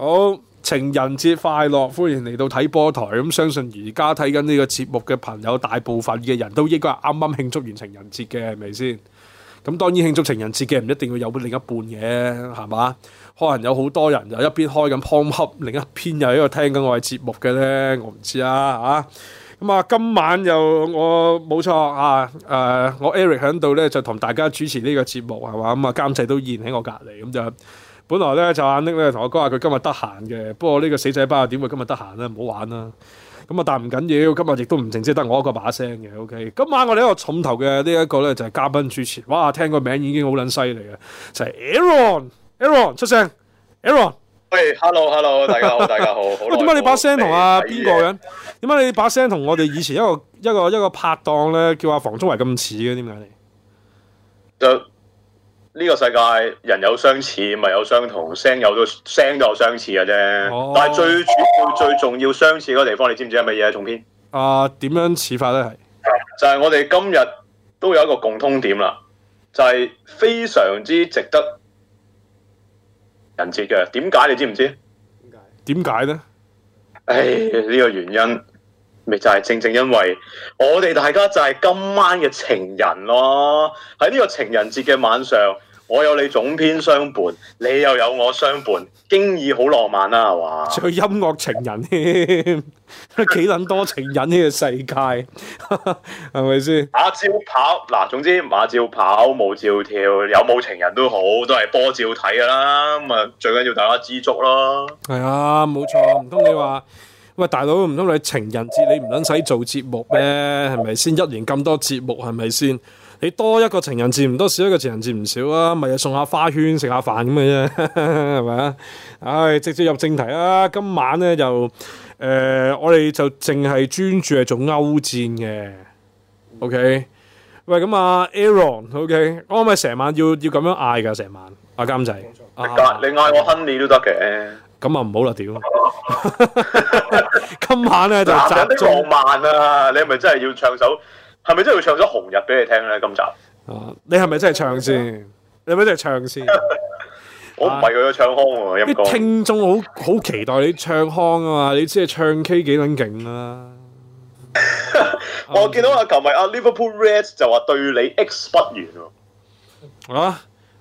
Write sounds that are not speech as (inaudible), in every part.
好，情人節快樂！歡迎嚟到睇波台。咁、嗯、相信而家睇緊呢個節目嘅朋友，大部分嘅人都應該係啱啱慶祝完情人節嘅，係咪先？咁、嗯、當然慶祝情人節嘅唔一定要有另一半嘅，係嘛？可能有好多人就一邊開緊 Pornhub，另一邊又喺度聽緊我哋節目嘅咧，我唔知啊吓咁啊、嗯，今晚又我冇錯啊，啊，我 Eric 喺度咧就同大家主持呢個節目係嘛？咁啊，監、嗯、製都現喺我隔離咁就。本來咧就眼碌咧，同我講話佢今日得閒嘅，不過呢個死仔包啊，點會今日得閒咧？唔好玩啦！咁啊，但唔緊要緊，今日亦都唔淨只得我一個把聲嘅。O、OK? K，今晚我哋一個重頭嘅呢一個咧就係、是、嘉賓主持。哇，聽個名已經好撚犀利嘅，就係、是、Aaron，Aaron 出聲，Aaron，喂、hey,，Hello，Hello，大家好， (laughs) 大家好，喂，點解你把聲同阿邊個人？點解你，你把聲同我哋以前一個 (laughs) 一個一個，一個拍檔咧叫阿房中維咁似嘅？點解嚟？就、yeah. 呢個世界人有相似，咪有相同聲，聲有都聲都有相似嘅啫。Oh. 但係最主要、最重要相似嘅地方，你知唔知係乜嘢？重編啊？點、uh, 樣似法咧？係就係我哋今日都有一個共通點啦，就係、是、非常之值得人節嘅。點解你知唔知？點解？點解咧？唉，呢個原因咪就係、是、正正因為我哋大家就係今晚嘅情人咯，喺呢個情人節嘅晚上。我有你總編相伴，你又有我相伴，經已好浪漫啦、啊，係嘛？仲音樂情人添，幾撚多情人呢個世界，係咪先？馬照跑嗱，總之馬照跑，舞照跳，有冇情人都好，都係波照睇噶啦。咁啊，最緊要大家知足咯。係啊、哎，冇錯。唔通你話喂，大佬唔通你情人節你唔撚使做節目咩？係咪先？一年咁多節目，係咪先？你多一個情人節唔多，少一個情人節唔少啊！咪送下花圈，食下飯咁嘅啫，係咪啊？唉，直接入正題啊！今晚咧就誒，我哋就淨係專注係做歐戰嘅。嗯、OK，喂，咁、嗯、啊 Aaron，OK，、okay? 我咪成晚要要咁樣嗌噶，成晚阿監仔，你嗌我 Henry 都得嘅。咁啊唔好啦，屌。 (laughs) (laughs) 今晚咧呢 (laughs) 就贊助萬啊！你係咪真係要唱首？係咪真係要唱咗紅日俾你聽咧？今集，啊、你係咪真係唱先？啊、你係咪真係唱先？ (laughs) 我唔係佢嘅唱腔喎、啊，啲、啊、光聽眾好好期待你唱腔啊嘛！你知係唱 K 幾撚勁啦？ (laughs) 啊啊、我見到阿琴日阿 Liverpool Reds 就話對你 x 不完喎。啊！啊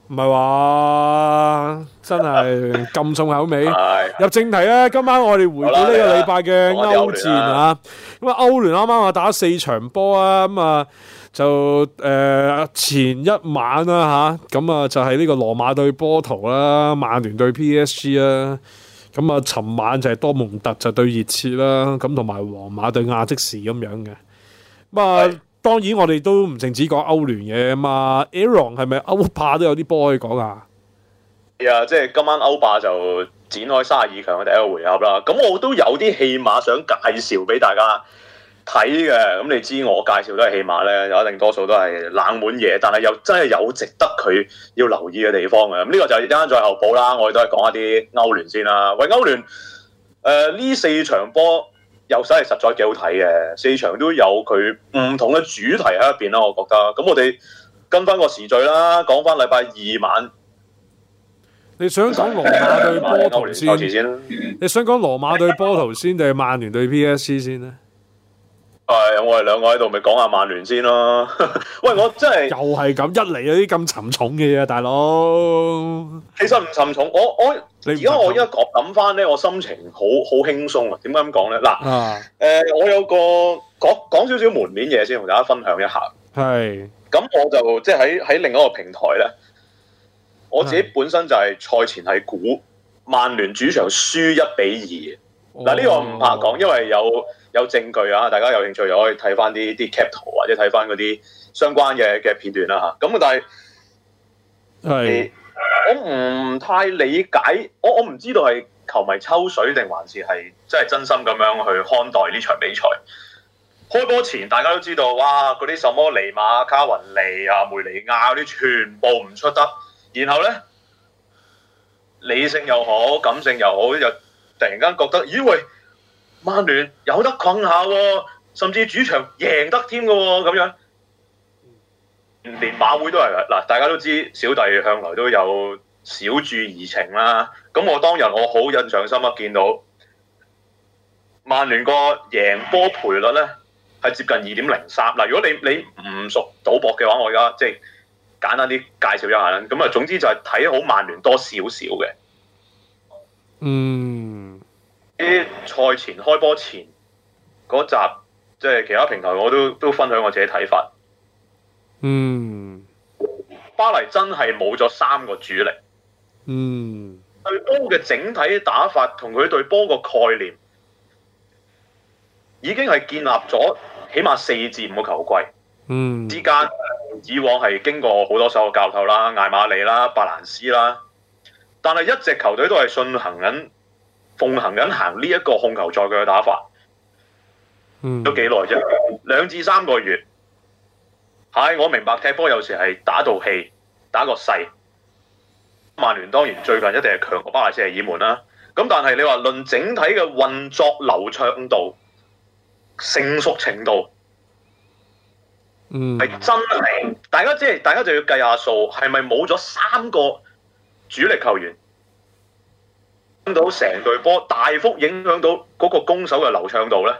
唔係話真係咁重口味。 (laughs) 入正題啦，今晚我哋回顧呢個禮拜嘅歐戰啊 (laughs) 看看看看歐聯啊。咁啊，歐聯啱啱啊打四場波啊，咁、嗯、啊就誒、呃、前一晚啦吓，咁啊、嗯、就係、是、呢個羅馬對波圖啦，曼聯對 PSG 啦，嗯，咁啊尋晚就係多蒙特就對熱切啦，咁同埋皇馬對阿積士咁樣嘅。咁、嗯、啊。嗯當然，我哋都唔淨止講歐聯嘅嘛，Aaron 係咪歐霸都有啲波可以講啊？呀，yeah, 即係今晚歐霸就展開卅二強嘅第一個回合啦。咁我都有啲戲碼想介紹俾大家睇嘅。咁你知我介紹都係戲碼咧，有一定多數都係冷門嘢，但係又真係有值得佢要留意嘅地方嘅。咁呢個就一陣間再後補啦。我哋都係講一啲歐聯先啦。喂，歐聯，誒、呃、呢四場波。又真係實在幾好睇嘅，四場都有佢唔同嘅主題喺入邊咯，我覺得。咁我哋跟翻個時序啦，講翻禮拜二晚，你想講羅馬對波圖先， (laughs) 你想講羅馬對波圖先定係曼聯對 P S C 先咧？係、哎，我哋兩個喺度，咪講下曼聯先咯、啊。 (laughs) 喂，我真係又係咁，一嚟有啲咁沉重嘅嘢、啊，大佬其實唔沉重。我我而家我而家覺諗翻咧，我心情好好輕鬆啊。點解咁講咧？嗱，誒，我有個講講少少門面嘢先，同大家分享一下。係是，咁我就即係喺喺另一個平台咧，我自己本身就係、是、賽、啊、前係估曼聯主場輸一比二。嗱、哦、呢、這個唔怕講，哦、因為有。有證據啊！大家有興趣又可以睇翻啲啲 cap 圖，或者睇翻嗰啲相關嘅嘅片段啦嚇。咁但係，係是、欸、我唔太理解，我我唔知道係球迷抽水定還是係真係真心咁樣去看待呢場比賽。開波前大家都知道，哇！嗰啲什麼尼馬卡雲尼啊、梅尼亞嗰啲全部唔出得。然後呢，理性又好、感性又好，又突然間覺得咦喂～曼聯有得困下喎，哦，甚至主場贏得添嘅喎，咁樣連馬會都係啦。嗱，大家都知小弟向來都有小注怡情啦。咁我當日我好印象深刻，見到曼聯個贏波賠率咧係接近二點零三。嗱，如果你你唔熟賭博嘅話，我而家即係簡單啲介紹一下啦。咁啊，總之就係睇好曼聯多少少嘅，嗯。啲賽前開波前嗰集，即係其他平台我都都分享我自己睇法。嗯，巴黎真係冇咗三個主力。嗯，隊波嘅整體打法同佢對波個概念，已經係建立咗起碼四至五個球季。嗯，之間以往係經過好多手教頭啦、艾瑪利啦、白蘭斯啦，但係一隻球隊都係順行緊。奉行緊行呢一個控球再嘅打法，嗯，都幾耐啫，兩至三個月。係、哎，我明白踢波有時係打鬥氣，打個勢。曼聯當然最近一定係強過巴黎聖日耳門啦。咁但係你話論整體嘅運作流暢度、成熟程度，嗯，係真係大家即係大家就要計下數，係咪冇咗三個主力球員？到成隊波，大幅影響到嗰個攻守嘅流暢度咧。呢、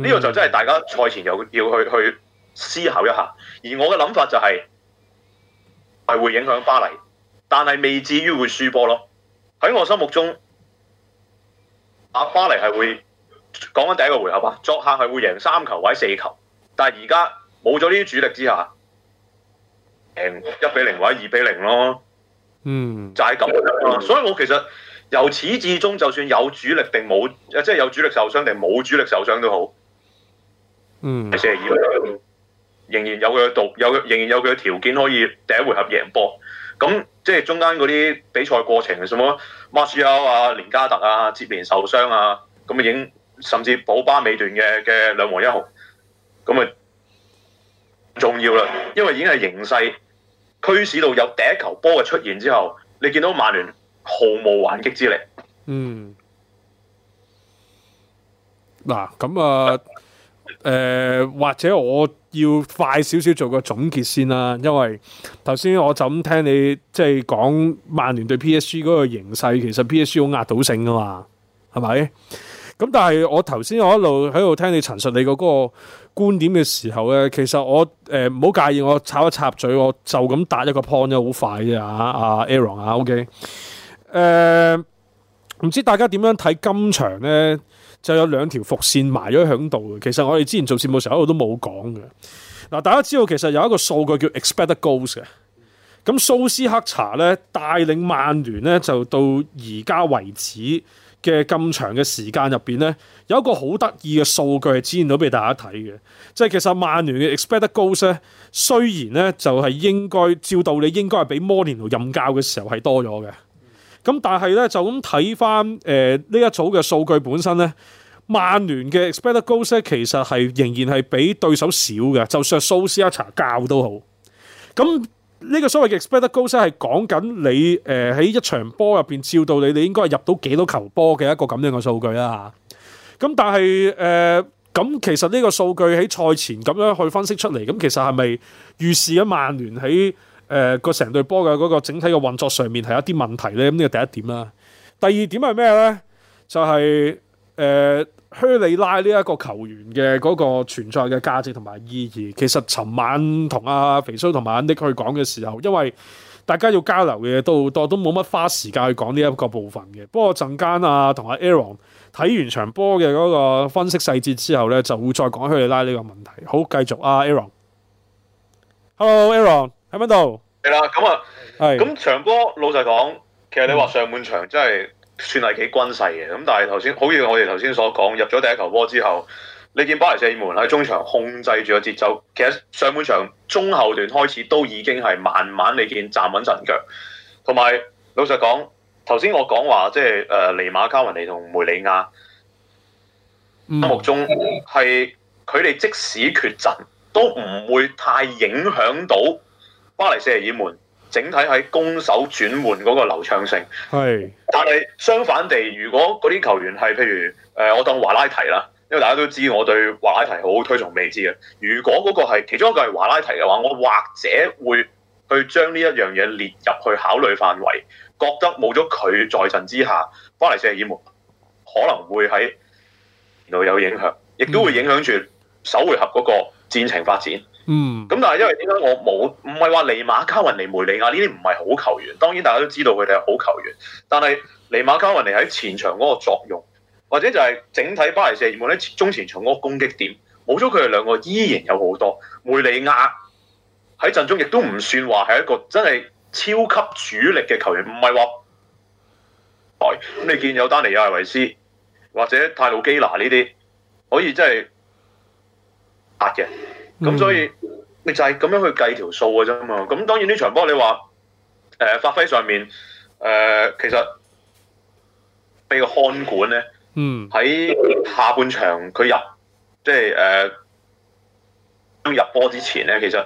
mm hmm. 個就真係大家賽前又要去去思考一下。而我嘅諗法就係、是、係會影響巴黎，但係未至於會輸波咯。喺我心目中，阿巴黎係會講緊第一個回合啊，作客係會贏三球或者四球，但係而家冇咗呢啲主力之下，贏一比零或者二比零咯。嗯、mm，hmm. 就係咁、mm hmm. 所以我其實。由始至終，就算有主力定冇，誒，即係有主力受傷定冇主力受傷都好，嗯，四十二仍然有佢嘅獨，有仍然有佢嘅條件可以第一回合贏波。咁即係中間嗰啲比賽過程嘅什麼，馬斯亞啊、連加特啊、接連受傷啊，咁啊已經甚至保巴尾段嘅嘅兩黃一紅，咁啊重要啦，因為已經係形勢驅使到有第一球波嘅出現之後，你見到曼聯。毫無還擊之力。嗯，嗱咁啊，誒、呃，或者我要快少少做個總結先啦，因為頭先我就咁聽你即係講曼聯對 P S G 嗰個形勢，其實 P S G 好壓倒性噶嘛，係咪？咁但係我頭先我一路喺度聽你陳述你嗰個觀點嘅時候咧，其實我誒唔好介意我插一插嘴，我就咁打一個 point 啫，好快啫。啊，阿 Aaron 啊，OK。誒，唔、呃、知大家點樣睇今場咧？就有兩條伏線埋咗喺度嘅。其實我哋之前做節目時候，一路都冇講嘅。嗱，大家知道其實有一個數據叫 expected goals 嘅。咁蘇斯克查咧帶領曼聯咧，就到而家為止嘅咁長嘅時間入邊咧，有一個好得意嘅數據係展現到俾大家睇嘅。即係其實曼聯嘅 expected goals 咧，雖然咧就係、是、應該照道理應該係比摩連奴任教嘅時候係多咗嘅。咁但係咧就咁睇翻呢一組嘅數據本身咧，曼聯嘅 expected goals 其實係仍然係比對手少嘅，就算係蘇斯一查教都好。咁呢個所謂嘅 expected goals 係講緊你喺、呃、一場波入邊照到你你應該係入到幾多球波嘅一個咁樣嘅數據啦。咁但係咁、呃、其實呢個數據喺賽前咁樣去分析出嚟，咁其實係咪預示咗曼聯喺？誒個成隊波嘅嗰個整體嘅運作上面係一啲問題咧，咁呢個第一點啦。第二點係咩咧？就係誒虛利拉呢一個球員嘅嗰個存在嘅價值同埋意義。其實尋晚同阿、啊、肥蘇同埋阿 Nick 去講嘅時候，因為大家要交流嘅都好多，都冇乜花時間去講呢一個部分嘅。不過陣間啊，同阿 Aaron 睇完場波嘅嗰個分析細節之後咧，就會再講虛利拉呢個問題。好，繼續啊 Aaron。Hello Aaron。喺邊度？係啦，咁啊，咁的場波，老實講，其實你話上半場真係算係幾均勢嘅。咁、嗯、但係頭先，好似我哋頭先所講，入咗第一球波之後，你見巴黎四門喺中場控制住個節奏。其實上半場中後段開始都已經係慢慢你，你見站穩陣腳。同埋老實講，頭先我講話即係誒，尼馬卡文尼同梅里亞、嗯、目中係，佢哋即使缺陣都唔會太影響到。巴黎聖日耳門整體喺攻守轉換嗰個流暢性，係。但係相反地，如果嗰啲球員係譬如誒、呃，我當華拉提啦，因為大家都知我對華拉提好推崇未知嘅。如果嗰個係其中一個係華拉提嘅話，我或者會去將呢一樣嘢列入去考慮範圍，覺得冇咗佢在陣之下，巴黎聖日耳門可能會喺度有影響，亦都會影響住首回合嗰個戰情發展。嗯。嗯，咁但係因為點解我冇？唔係話尼馬加雲尼梅利亞呢啲唔係好球員，當然大家都知道佢哋係好球員，但係尼馬加雲尼喺前場嗰個作用，或者就係整體巴黎射門喺中前場嗰個攻擊點，冇咗佢哋兩個依然有好多。梅利亞喺陣中亦都唔算話係一個真係超級主力嘅球員，唔係話，咁、哎、你見有丹尼亞維斯或者泰魯基拿呢啲可以真係壓嘅。咁所以，你就係咁樣去計條數嘅啫嘛。咁當然呢場波你話，誒、呃、發揮上面，誒、呃、其實俾個看管咧，喺、嗯、下半場佢入，即係誒、呃、入波之前咧，其實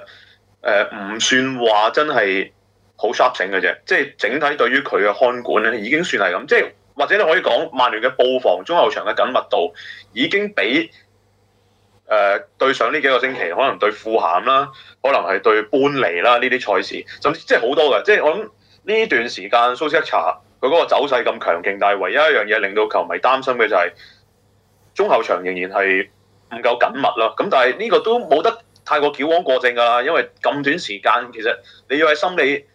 誒唔、呃、算話真係好 sharp 整嘅啫。即係整體對於佢嘅看管咧，已經算係咁。即係或者你可以講，曼聯嘅布防中後場嘅緊密度已經俾。誒、呃、對上呢幾個星期，可能對富咸啦，可能係對般尼啦，呢啲賽事，甚至即係好多嘅。即、就、係、是、我諗呢段時間，蘇斯克查佢嗰個走勢咁強勁，但係唯一一樣嘢令到球迷擔心嘅就係、是、中後場仍然係唔夠緊密咯。咁但係呢個都冇得太過矯枉過正㗎啦，因為咁短時間，其實你要喺心理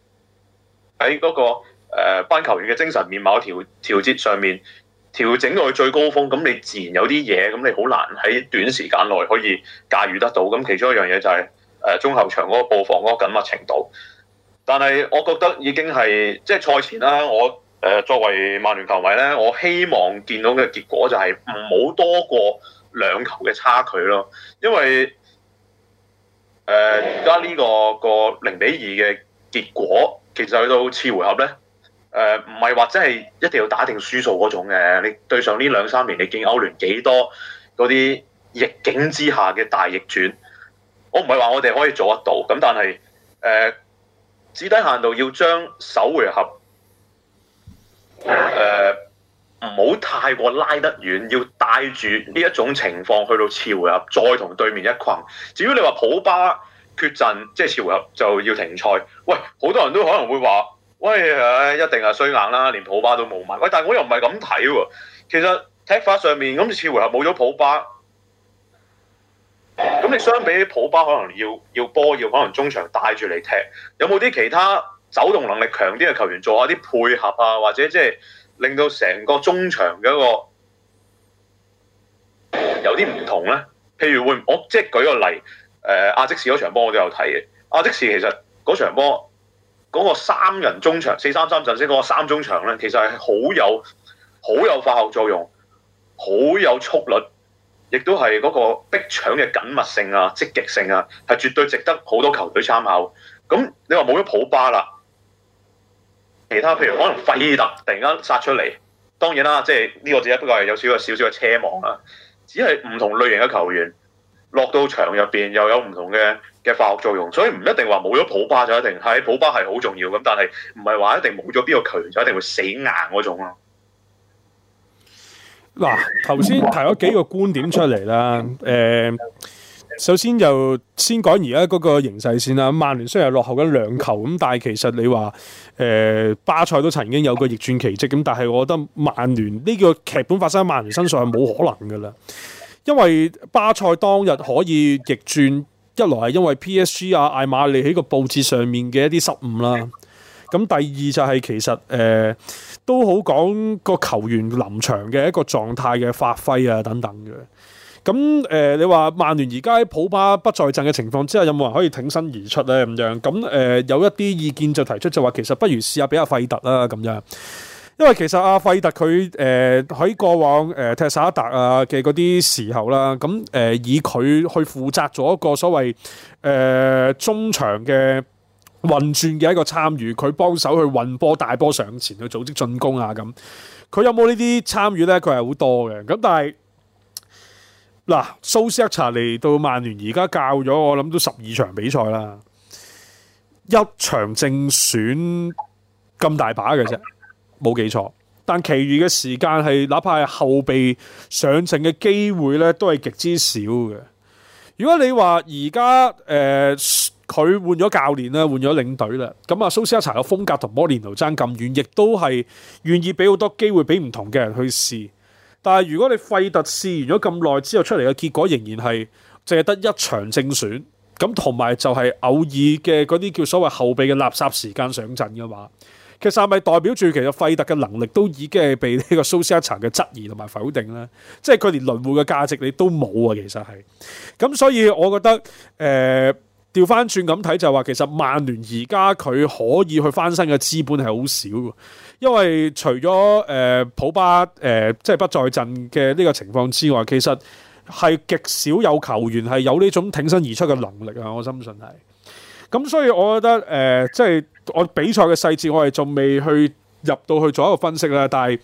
喺嗰、那個、呃、班球員嘅精神面貌調調節上面。調整到佢最高峰，咁你自然有啲嘢，咁你好難喺短時間內可以駕馭得到。咁其中一樣嘢就係、是、誒、呃、中後場嗰個布防嗰個緊密程度。但係我覺得已經係即係賽前啦，我誒、呃、作為曼聯球迷咧，我希望見到嘅結果就係唔好多過兩球嘅差距咯。因為誒而家呢個個零比二嘅結果，其實去到次回合咧。誒唔係話真係一定要打定輸數嗰種嘅，你對上呢兩三年，你見歐聯幾多嗰啲逆境之下嘅大逆轉？我唔係話我哋可以做得到，咁但係誒，最、呃、低限度要將首回合誒唔好太過拉得遠，要帶住呢一種情況去到次回合，再同對面一羣。至於你話普巴缺陣，即係次回合就要停賽，喂好多人都可能會話。喂，唉，一定係衰硬啦，連普巴都冇埋。喂，但係我又唔係咁睇喎。其實踢法上面咁，似乎係冇咗普巴。咁你相比普巴，可能要要波，要可能中場帶住嚟踢。有冇啲其他走動能力強啲嘅球員做下啲配合啊？或者即係令到成個中場嘅一個有啲唔同咧？譬如會，我即係舉個例，誒，阿積士嗰場波我都有睇嘅。阿積士其實嗰場波。嗰個三人中場四三三陣先講個三中場咧，其實係好有好有化學作用，好有速率，亦都係嗰個逼搶嘅緊密性啊、積極性啊，係絕對值得好多球隊參考。咁你話冇咗普巴啦，其他譬如可能費特突然間殺出嚟，當然啦，即係呢、這個只不過係有少少少少嘅奢望啦、啊，只係唔同類型嘅球員。落到場入邊又有唔同嘅嘅化學作用，所以唔一定話冇咗普巴就一定係普巴係好重要咁，但係唔係話一定冇咗邊個球員就一定會死硬嗰種咯、啊。嗱、啊，頭先提咗幾個觀點出嚟啦，誒、呃，首先就先講而家嗰個形勢先啦。曼聯雖然係落後緊兩球咁，但係其實你話誒、呃、巴塞都曾經有個逆轉奇蹟咁，但係我覺得曼聯呢、這個劇本發生喺曼聯身上係冇可能噶啦。因為巴塞當日可以逆轉，一來係因為 PSG 啊艾瑪利喺個布置上面嘅一啲失誤啦，咁第二就係其實誒、呃、都好講個球員臨場嘅一個狀態嘅發揮啊等等嘅，咁、嗯、誒、呃、你話曼聯而家喺普巴不在陣嘅情況之下，有冇人可以挺身而出咧咁樣？咁、呃、誒有一啲意見就提出就話，其實不如試下俾阿費特啦咁樣。因為其實阿、啊、費特佢誒喺過往誒、呃、踢薩一達啊嘅嗰啲時候啦，咁誒、呃、以佢去負責咗一個所謂誒、呃、中場嘅運轉嘅一個參與，佢幫手去運波大波上前去組織進攻啊，咁佢有冇呢啲參與咧？佢係好多嘅，咁但係嗱，蘇斯克查嚟到曼聯而家教咗我諗都十二場比賽啦，一場正選咁大把嘅啫。冇記錯，但其餘嘅時間係，哪怕係後備上陣嘅機會咧，都係極之少嘅。如果你話而家誒佢換咗教練啦，換咗領隊啦，咁啊蘇斯亞查嘅風格同摩連奴爭咁遠，亦都係願意俾好多機會俾唔同嘅人去試。但係如果你費特試完咗咁耐之後出嚟嘅結果仍然係淨係得一場正選，咁同埋就係偶爾嘅嗰啲叫所謂後備嘅垃圾時間上陣嘅話。其實係咪代表住其實費特嘅能力都已經係被呢個蘇斯克查嘅質疑同埋否定咧？即係佢連輪換嘅價值你都冇啊！其實係，咁所以我覺得誒調翻轉咁睇就話，其實曼聯而家佢可以去翻身嘅資本係好少，因為除咗誒、呃、普巴誒、呃、即係不在陣嘅呢個情況之外，其實係極少有球員係有呢種挺身而出嘅能力啊！我深信係。咁、嗯、所以，我覺得誒即係我比賽嘅細節，我哋仲未去入到去做一個分析啦。但係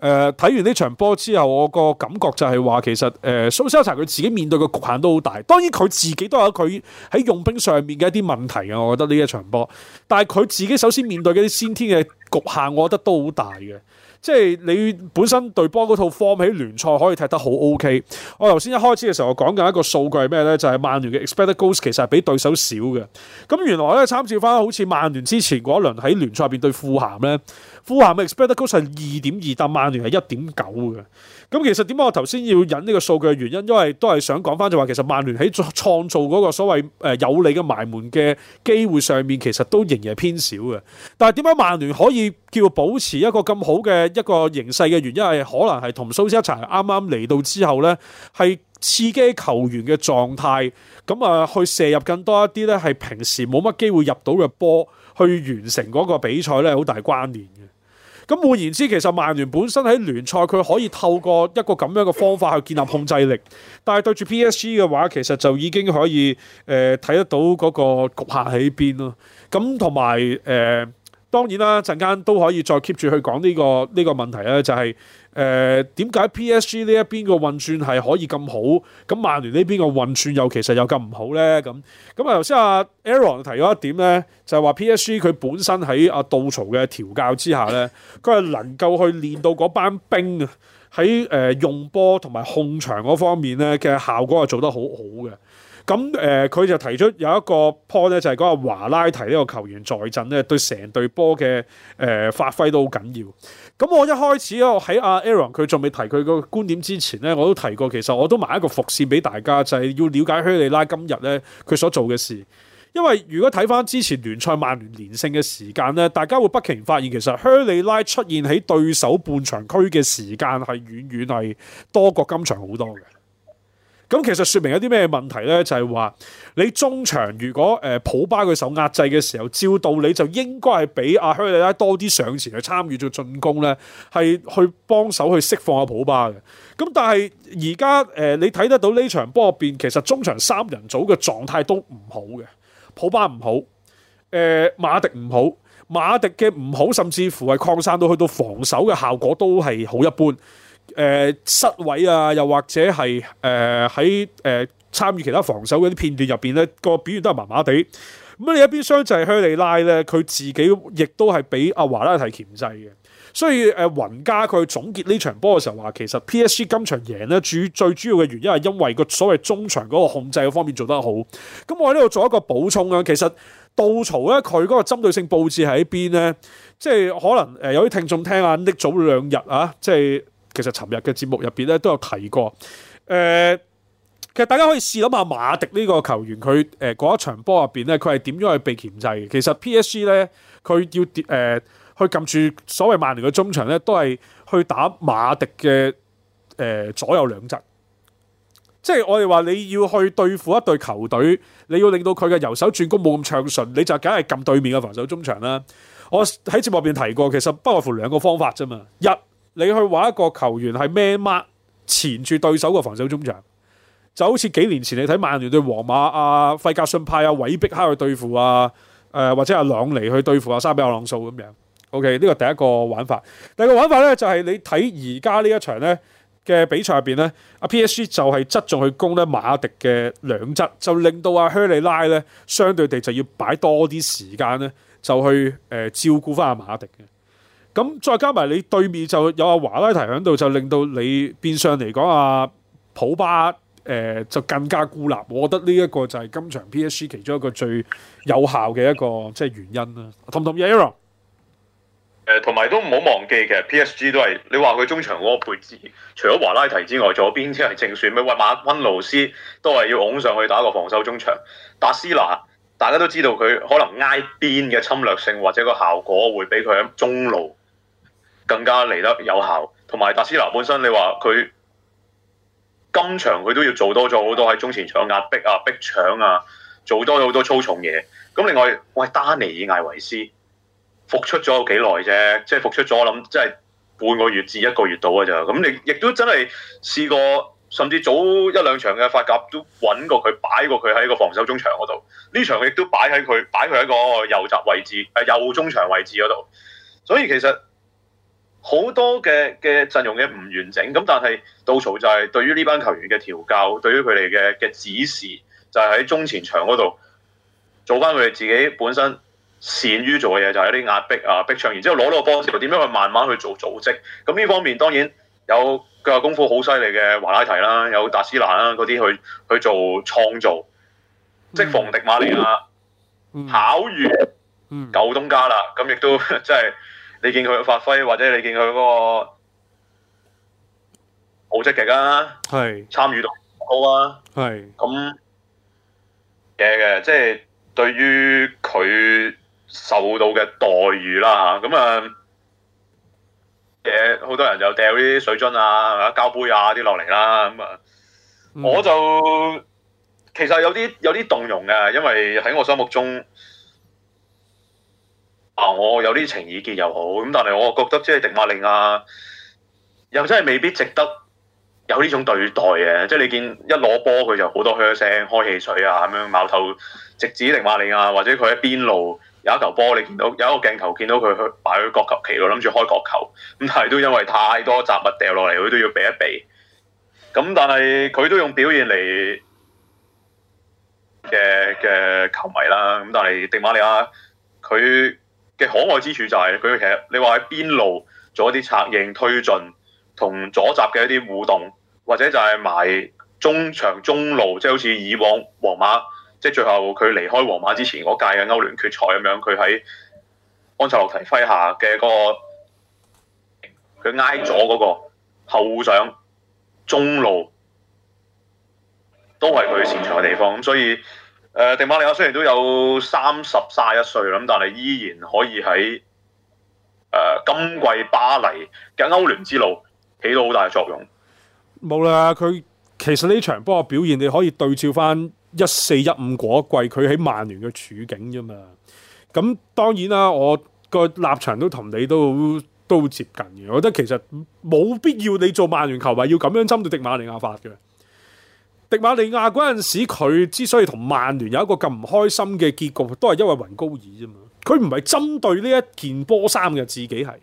誒睇完呢場波之後，我個感覺就係話，其實誒蘇斯克查佢自己面對嘅局限都好大。當然，佢自己都有佢喺用兵上面嘅一啲問題啊。我覺得呢一場波，但係佢自己首先面對嗰啲先天嘅局限，我覺得都好大嘅。即係你本身對波嗰套 form 喺聯賽可以踢得好 OK。我頭先一開始嘅時候我講緊一個數據係咩呢？就係、是、曼聯嘅 expected goals 其實係比對手少嘅。咁原來咧，參照翻好似曼聯之前嗰一輪喺聯賽入邊對富咸呢。富咸嘅 expected goals 係二點二，但曼聯係一點九嘅。咁其實點解我頭先要引呢個數據嘅原因，因為都係想講翻就話，其實曼聯喺創造嗰個所謂誒有利嘅埋門嘅機會上面，其實都仍然係偏少嘅。但係點解曼聯可以叫保持一個咁好嘅一個形勢嘅原因，係可能係同蘇斯查啱啱嚟到之後咧，係刺激球員嘅狀態，咁啊去射入更多一啲咧係平時冇乜機會入到嘅波，去完成嗰個比賽咧，好大關聯嘅。咁換言之，其實曼聯本身喺聯賽佢可以透過一個咁樣嘅方法去建立控制力，但係對住 PSG 嘅話，其實就已經可以誒睇、呃、得到嗰個局限喺邊咯。咁同埋誒。當然啦，陣間都可以再 keep 住去講呢個呢個問題咧，就係誒點解 P S G 呢一邊個運轉係可以咁好，咁曼聯呢邊個運轉又其實又咁唔好咧？咁咁啊，頭先阿 Aaron 提咗一點咧，就係話 P S G 佢本身喺啊杜曹嘅調教之下咧，佢係能夠去練到嗰班兵啊喺、呃、用波同埋控場嗰方面咧嘅效果係做得好好嘅。咁誒，佢、呃、就提出有一個 point 咧，就係講個華拉提呢個球員在陣咧，對成隊波嘅誒發揮都好緊要。咁我一開始喺阿 Aaron 佢仲未提佢個觀點之前咧，我都提過，其實我都埋一個伏線俾大家，就係、是、要了解靴里拉今日咧，佢所做嘅事。因為如果睇翻之前聯賽曼聯連勝嘅時間咧，大家會不期然發現，其實靴里拉出現喺對手半場區嘅時間，係遠遠係多過今場好多嘅。咁其實說明有啲咩問題咧，就係、是、話你中場如果、呃、普巴佢受壓制嘅時候，照道理就應該係俾阿靴利拉多啲上前去參與做進攻咧，係去幫手去釋放阿普巴嘅。咁但係而家誒你睇得到呢場波入邊，其實中場三人組嘅狀態都唔好嘅，普巴唔好，誒、呃、馬迪唔好，馬迪嘅唔好甚至乎係擴散到去到防守嘅效果都係好一般。誒、呃，失位啊，又或者係誒喺誒參與其他防守嗰啲片段入邊咧，個表現都係麻麻地。咁你一邊廂就係亨利拉咧，佢自己亦都係俾阿華拉提鉗制嘅。所以誒，雲加佢總結呢場波嘅時候話，其實 PSG 今場贏咧，主最主要嘅原因係因為個所謂中場嗰個控制嘅方面做得好。咁我喺呢度做一個補充啊，其實杜曹咧，佢嗰個針對性佈置喺邊咧，即係可能誒、呃，有啲聽眾聽啊，呢早兩日啊，即係。其實尋日嘅節目入邊咧都有提過，誒、呃，其實大家可以試諗下馬迪呢個球員，佢誒嗰一場波入邊咧，佢係點樣去被鉗制？其實 PSG 咧，佢要跌誒、呃、去撳住所謂曼聯嘅中場咧，都係去打馬迪嘅誒、呃、左右兩側，即係我哋話你要去對付一隊球隊，你要令到佢嘅由守轉攻冇咁暢順，你就梗係撳對面嘅防守中場啦。我喺節目入邊提過，其實不外乎兩個方法啫嘛，一。你去玩一個球員係 man mark 纏住對手個防守中場，就好似幾年前你睇曼聯對皇馬，啊、費格遜派阿韋碧克去對付啊，呃、或者阿朗尼去對付阿、啊、沙比阿朗素咁樣。OK，呢個第一個玩法。第二個玩法咧就係、是、你睇而家呢一場咧嘅比賽入面咧，阿 PSG 就係側重去攻咧馬迪嘅兩側，就令到阿靴利拉咧相對地就要擺多啲時間咧就去誒、呃、照顧翻阿馬迪嘅。咁再加埋你對面就有阿華拉提喺度，就令到你變相嚟講，阿普巴誒、呃、就更加孤立。我覺得呢一個就係今場 P S G 其中一個最有效嘅一個即係原因啦。同唔同意？同埋、呃、都唔好忘記，其實 P S G 都係你話佢中場嗰個配置，除咗華拉提之外，左邊先係正選咩？喂，馬昆魯斯都係要拱上去打一個防守中場。達斯拿大家都知道佢可能挨邊嘅侵略性或者個效果會比佢喺中路，更加嚟得有效，同埋達斯拿本身，你話佢今場佢都要做多咗好多喺中前場壓迫啊、迫啊、逼搶啊，做多咗好多粗重嘢。咁另外，我係丹尼爾艾維斯復出咗有幾耐啫？即係復出咗，我諗即係半個月至一個月到嘅咋。咁你亦都真係試過，甚至早一兩場嘅法甲都揾過佢，擺過佢喺個防守中場嗰度。呢場亦都擺喺佢，擺佢喺個右閘位置，誒、呃、右中場位置嗰度。所以其實。好多嘅嘅陣容嘅唔完整，咁但係稻草就係對於呢班球員嘅調教，對於佢哋嘅嘅指示，就係、是、喺中前場嗰度做翻佢哋自己本身擅於做嘅嘢，就係、是、一啲壓迫，啊、逼搶，然之後攞到個波之後點樣去慢慢去做組織。咁呢方面當然有腳下功夫好犀利嘅華拉提啦，有達斯拿啦，嗰啲去去做創造，即逢迪馬利亞考完、嗯嗯、舊東家啦，咁亦都即係。呵呵你見佢嘅發揮，或者你見佢嗰個好積極啊，係的參與度好啊，係咁嘅嘅，即係、就是、對於佢受到嘅待遇啦嚇，咁啊，嘢好、嗯、多人就掉啲水樽啊、係咪膠杯啊啲落嚟啦，咁啊，嗯、我就其實有啲有啲動容嘅，因為喺我心目中。啊！我有啲情意結又好，咁但係我覺得即係迪馬利亞又真係未必值得有呢種對待嘅，即係你見一攞波佢就好多噓聲，開汽水啊咁樣，矛頭直指迪馬利亞，或者佢喺邊路有一球波，你見到有一個鏡頭見到佢去擺喺角球旗度，諗住開角球，咁但係都因為太多雜物掉落嚟，佢都要避一避。咁但係佢都用表現嚟嘅嘅球迷啦，咁但係迪馬利亞佢。嘅可愛之處就係佢，其實你話喺邊路做一啲策應推進同左閘嘅一啲互動，或者就係埋中場中路，即係好似以往皇馬即係最後佢離開皇馬之前嗰屆嘅歐聯決賽咁樣，佢喺安塞洛提麾下嘅嗰個佢挨咗嗰個後上中路都係佢擅長嘅地方，咁所以。誒、呃、迪馬利亞雖然都有三十卅一歲，咁但係依然可以喺誒、呃、今季巴黎嘅歐聯之路起到好大嘅作用。冇啦，佢其實呢場波嘅表現，你可以對照翻一四一五嗰季佢喺曼聯嘅處境啫嘛。咁當然啦，我個立場都同你都都接近嘅。我覺得其實冇必要你做曼聯球迷要咁樣針對迪馬利亞法的。嘅。迪馬利亞嗰陣時，佢之所以同曼聯有一個咁唔開心嘅結局，都係因為雲高爾啫嘛。佢唔係針對呢一件波衫嘅，自己係。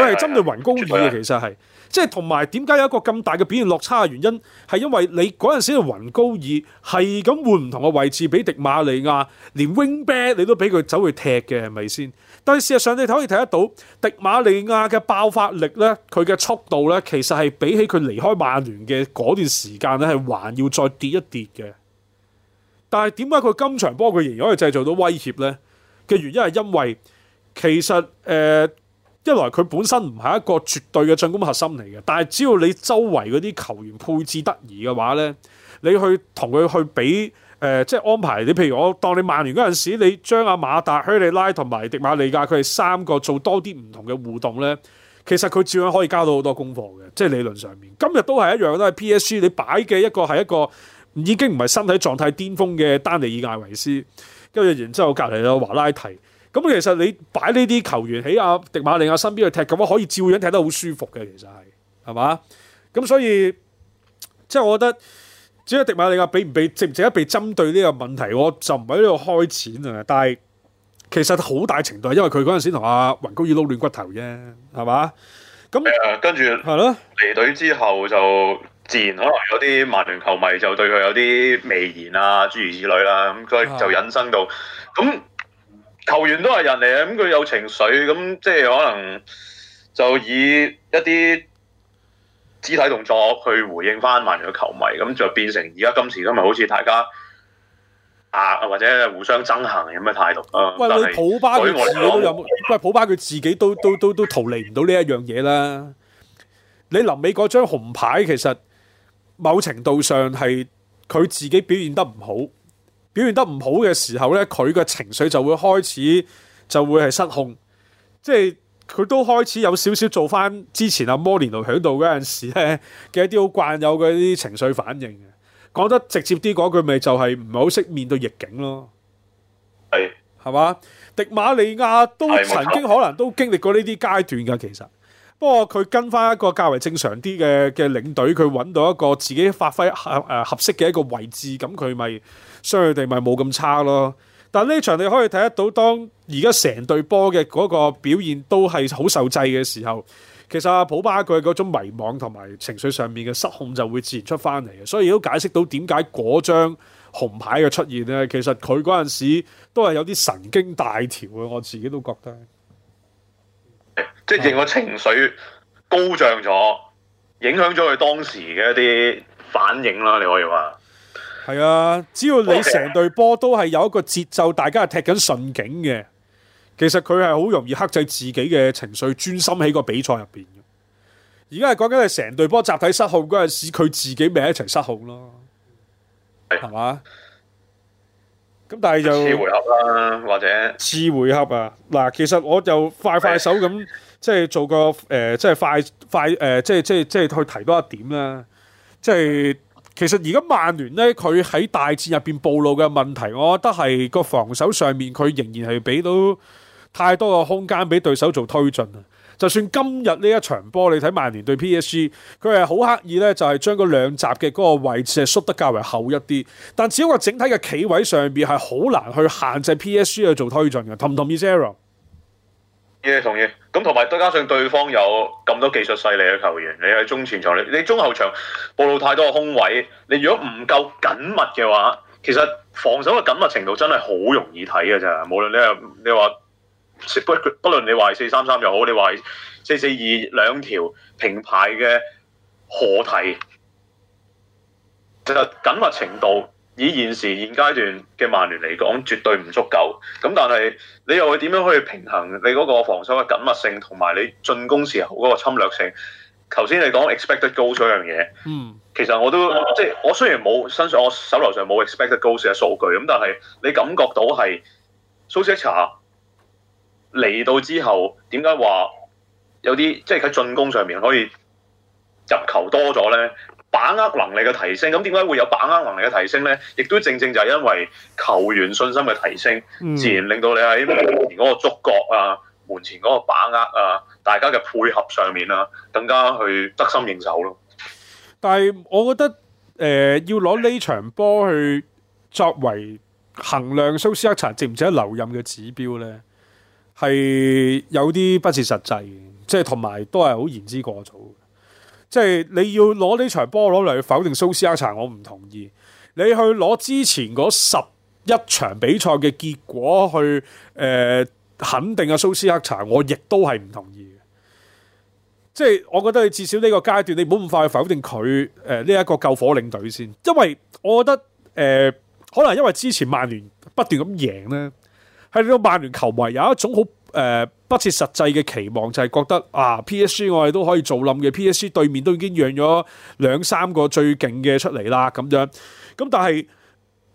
佢係針對雲高爾嘅，其實係即係同埋點解有一個咁大嘅表現落差嘅原因，係因為你嗰陣時嘅雲高爾係咁換唔同嘅位置俾迪馬利亞，連 wingback 你都俾佢走去踢嘅，係咪先？但係事實上你可以睇得到，迪馬利亞嘅爆發力呢，佢嘅速度呢，其實係比起佢離開曼聯嘅嗰段時間呢，係還要再跌一跌嘅。但係點解佢今場波佢仍然可以製造到威脅呢？嘅原因係因為其實誒。呃一來佢本身唔係一個絕對嘅進攻核心嚟嘅，但係只要你周圍嗰啲球員配置得宜嘅話咧，你去同佢去畀、呃、即係安排你。譬如我當你曼聯嗰陣時，你將阿馬達、希利拉同埋迪馬利亞佢哋三個做多啲唔同嘅互動咧，其實佢照樣可以交到好多功課嘅，即係理論上面。今日都係一樣係 PSG 你擺嘅一個係一個已經唔係身體狀態巔峯嘅丹尼爾艾維斯，跟住然之後隔籬有華拉提。咁其實你擺呢啲球員喺阿迪馬利亞身邊去踢，咁樣可以照樣踢得好舒服嘅。其實係，係嘛？咁所以即係、就是、我覺得，至於迪馬利亞畀唔畀值唔值得被針對呢個問題，我就唔喺呢度開錢啊。但係其實好大程度係因為佢嗰陣時同阿雲高爾撈亂骨頭啫，係嘛？咁誒、呃，跟住係咯，離隊之後就自然可能有啲曼聯球迷就對佢有啲微言啊，諸如此類啦、啊。咁佢就引申到咁。球員都係人嚟嘅，咁佢有情緒，咁即係可能就以一啲肢體動作去回應翻曼聯嘅球迷，咁就變成而家今時今日好似大家啊或者互相憎恨咁嘅態度啊。喂，佢是普巴佢自己都有，喂普巴佢自己都、嗯、都都都逃離唔到呢一樣嘢啦。你臨尾嗰張紅牌，其實某程度上係佢自己表現得唔好。表現得唔好嘅時候呢，佢嘅情緒就會開始就會係失控，即係佢都開始有少少做翻之前阿摩連奴喺度嗰陣時呢嘅一啲好慣有嘅一啲情緒反應嘅。講得直接啲嗰句咪就係唔係好識面對逆境咯？係係嘛？迪馬利亞都曾經可能都經歷過呢啲階段㗎，其實。不過佢跟翻一個較為正常啲嘅嘅領隊，佢揾到一個自己發揮合合適嘅一個位置，咁佢咪所以佢哋咪冇咁差咯。但呢場你可以睇得到，當而家成隊波嘅嗰個表現都係好受制嘅時候，其實阿、啊、普巴佢嗰種迷惘同埋情緒上面嘅失控就會自然出翻嚟嘅，所以都解釋到點解嗰張紅牌嘅出現呢？其實佢嗰陣時都係有啲神經大條嘅，我自己都覺得。即係令我情緒高漲咗，影響咗佢當時嘅一啲反應啦。你可以話係啊，只要你成隊波都係有一個節奏，大家係踢緊順境嘅，其實佢係好容易克制自己嘅情緒，專心喺個比賽入邊。而家係講緊係成隊波集體失控嗰陣時，佢自己咪一齊失控咯，係嘛的？是咁但係就次回合啦，或者次回合啊，嗱，其實我就快快手咁的、呃，即係做個誒，即係快快誒，即係即係即係去提多一點啦。即係其實而家曼聯咧，佢喺大戰入邊暴露嘅問題，我覺得係個防守上面，佢仍然係俾到太多個空間俾對手做推進。就算今日呢一場波，你睇曼聯對 P S G，佢係好刻意咧，就係將嗰兩閘嘅嗰個位置係縮得較為厚一啲。但只不過整體嘅企位上面係好難去限制 P S G 去做推進嘅。同唔同意 Zero？Yeah, 同意。咁同埋再加上對方有咁多技術犀利嘅球員，你喺中前場，你你中後場暴露太多嘅空位，你如果唔夠緊密嘅話，其實防守嘅緊密程度真係好容易睇嘅啫。無論你係你話。不不論你話四三三又好，你話四四二兩條平排嘅河堤，其實緊密程度以現時現階段嘅曼聯嚟講，絕對唔足夠。咁但係你又會點樣去以平衡你嗰個防守嘅緊密性，同埋你進攻時候嗰個侵略性？頭先你講 expected goals 嗰樣嘢，嗯，其實我都我即係我雖然冇身上我手頭上冇 expected goals 嘅數據，咁但係你感覺到係 so m 嚟到之後，點解話有啲即係喺進攻上面可以入球多咗咧？把握能力嘅提升，咁點解會有把握能力嘅提升咧？亦都正正就係因為球員信心嘅提升，自然令到你喺門前嗰個觸覺啊，門前嗰個把握啊，大家嘅配合上面啊，更加去得心應手咯。但係我覺得，誒、呃、要攞呢場波去作為衡量蘇斯克查值唔值得留任嘅指標咧，係有啲不切實際嘅，即係同埋都係好言之過早。即係你要攞呢場波攞嚟否定蘇斯克查，我唔同意。你去攞之前嗰十一場比賽嘅結果去誒、呃、肯定阿蘇斯克查，我亦都係唔同意嘅。即係我覺得你至少呢個階段，你唔好咁快去否定佢誒呢一個救火領隊先，因為我覺得誒、呃、可能因為之前曼聯不斷咁贏咧。喺呢個曼聯球迷有一種好、呃、不切實際嘅期望，就係、是、覺得啊，PSG 我哋都可以做冧嘅。PSG 對面都已經讓咗兩三個最勁嘅出嚟啦，咁樣。咁但係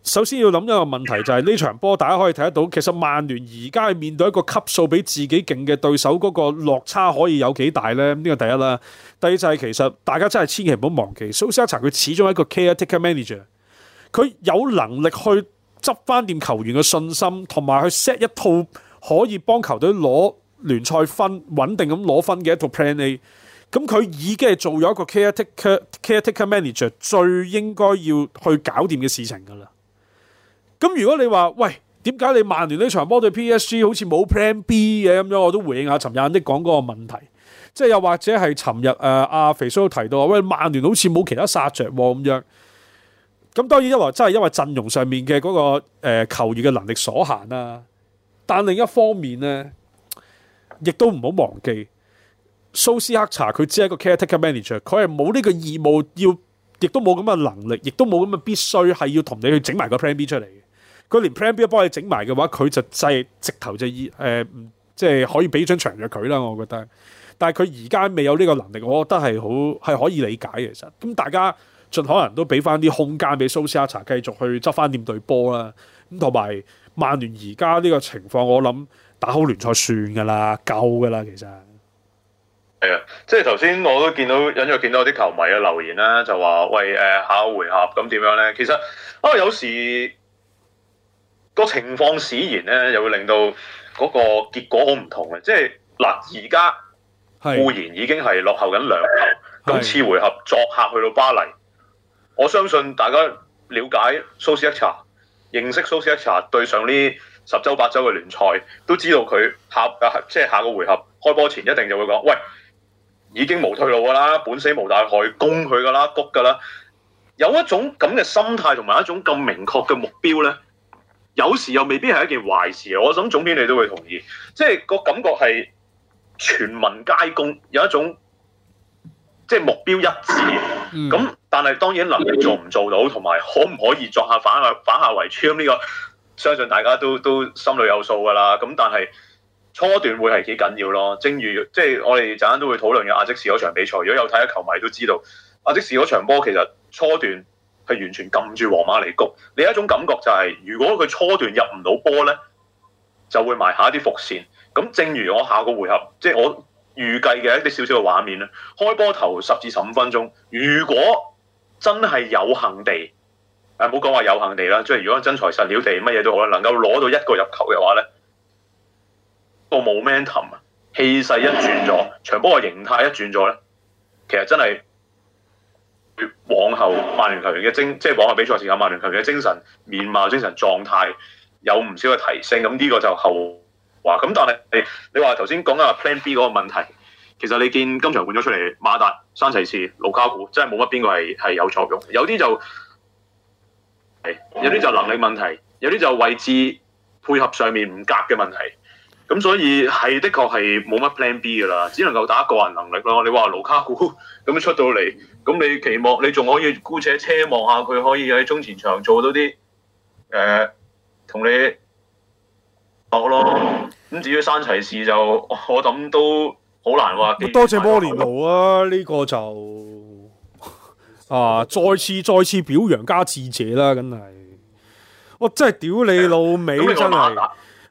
首先要諗一個問題，就係、是、呢場波大家可以睇得到，其實曼聯而家面對一個級數比自己勁嘅對手，嗰、那個落差可以有幾大咧？呢個第一啦。第二就係、是、其實大家真係千祈唔好忘記，蘇斯達查佢始終係一個 caretaker manager，佢有能力去，執翻掂球員嘅信心，同埋去 set 一套可以幫球隊攞聯賽分、穩定咁攞分嘅一套 plan A。咁佢已經係做咗一個 caretaker caretaker manager 最應該要去搞掂嘅事情噶啦。咁如果你話喂，點解你曼聯呢場波對 PSG 好似冇 plan B 嘅咁樣？我都回應下尋日啲講嗰個問題，即係又或者係尋日誒阿肥叔提到喂，曼聯好似冇其他殺着喎咁樣。咁當然因為，一來真係因為陣容上面嘅嗰個誒球員嘅能力所限啦，啊。但另一方面咧，亦都唔好忘記，蘇斯克查佢只係一個 caretaker manager，佢係冇呢個義務要，亦都冇咁嘅能力，亦都冇咁嘅必須係要同你去整埋個 plan B 出嚟。佢連 plan B 都幫你整埋嘅話，佢就係、就係、直頭就以、是、誒，即、呃、係、就係、可以俾張長約佢啦。我覺得，但係佢而家未有呢個能力，我覺得係好係可以理解嘅。其實，咁大家，盡可能都俾翻啲空間俾蘇斯亞查繼續去執翻掂對波啦，咁同埋曼聯而家呢個情況，我諗打好聯賽算㗎喇，夠㗎喇，其實係啊，即係頭先我都見到隱約見到啲球迷嘅留言啦，就話喂誒、呃、下一回合咁點樣咧？其實啊，有時個情況使然咧，又會令到嗰個結果好唔同嘅。即係嗱，而家固然已經係落後緊兩球，咁的次回合作客去到巴黎。我相信大家了解蘇斯克查，認識蘇斯克查，對上呢十週八週嘅聯賽，都知道佢下即係下個回合開波前一定就會講：喂，已經無退路㗎啦，本死無大害，攻佢㗎啦，谷㗎啦。有一種咁嘅心態同埋一種咁明確嘅目標咧，有時又未必係一件壞事。我諗總編你都會同意，即係個感覺係全民皆攻，有一種。即係目標一致，咁但係當然能力做唔做到，同埋可唔可以作下反下反下圍呢、呢個相信大家都都心裏有數㗎啦。咁但係初段會係幾緊要咯。正如即係、就是、我哋陣間都會討論嘅阿積士嗰場比賽，如果有睇嘅球迷都知道，阿積士嗰場波其實初段係完全撳住皇馬嚟攻，你一種感覺就係、是、如果佢初段入唔到波咧，就會埋下一啲伏線。咁正如我下個回合，即係我。預計嘅一啲少少嘅畫面咧，開波頭十至十五分鐘，如果真係有幸地，誒唔好講話有幸地啦，即係如果真材實料地乜嘢都好啦，能夠攞到一個入球嘅話咧，呢個 momentum 啊，氣勢一轉咗，場波嘅形態一轉咗咧，其實真係往後曼聯球員嘅精，即係往後比賽時間曼聯球員嘅精神面貌、精神狀態有唔少嘅提升，咁呢個就後。哇！咁但係你話頭先講緊 Plan B 嗰個問題，其實你見今場換咗出嚟馬達、山齊士、盧卡古，真係冇乜邊個係係有作用，有啲就係有啲就能力問題，有啲就位置配合上面唔夾嘅問題，咁所以係的確係冇乜 Plan B 噶啦，只能夠打個人能力咯。你話盧卡古咁出到嚟，咁你期望你仲可以姑且奢望下佢可以喺中前場做到啲誒同你。博咯，咁、嗯嗯、至於山齊士就我諗都好難話。多謝摩連奴啊，呢、這個就啊、嗯、再次再次表揚加致謝啦，梗係我真係屌你老味，嗯、真係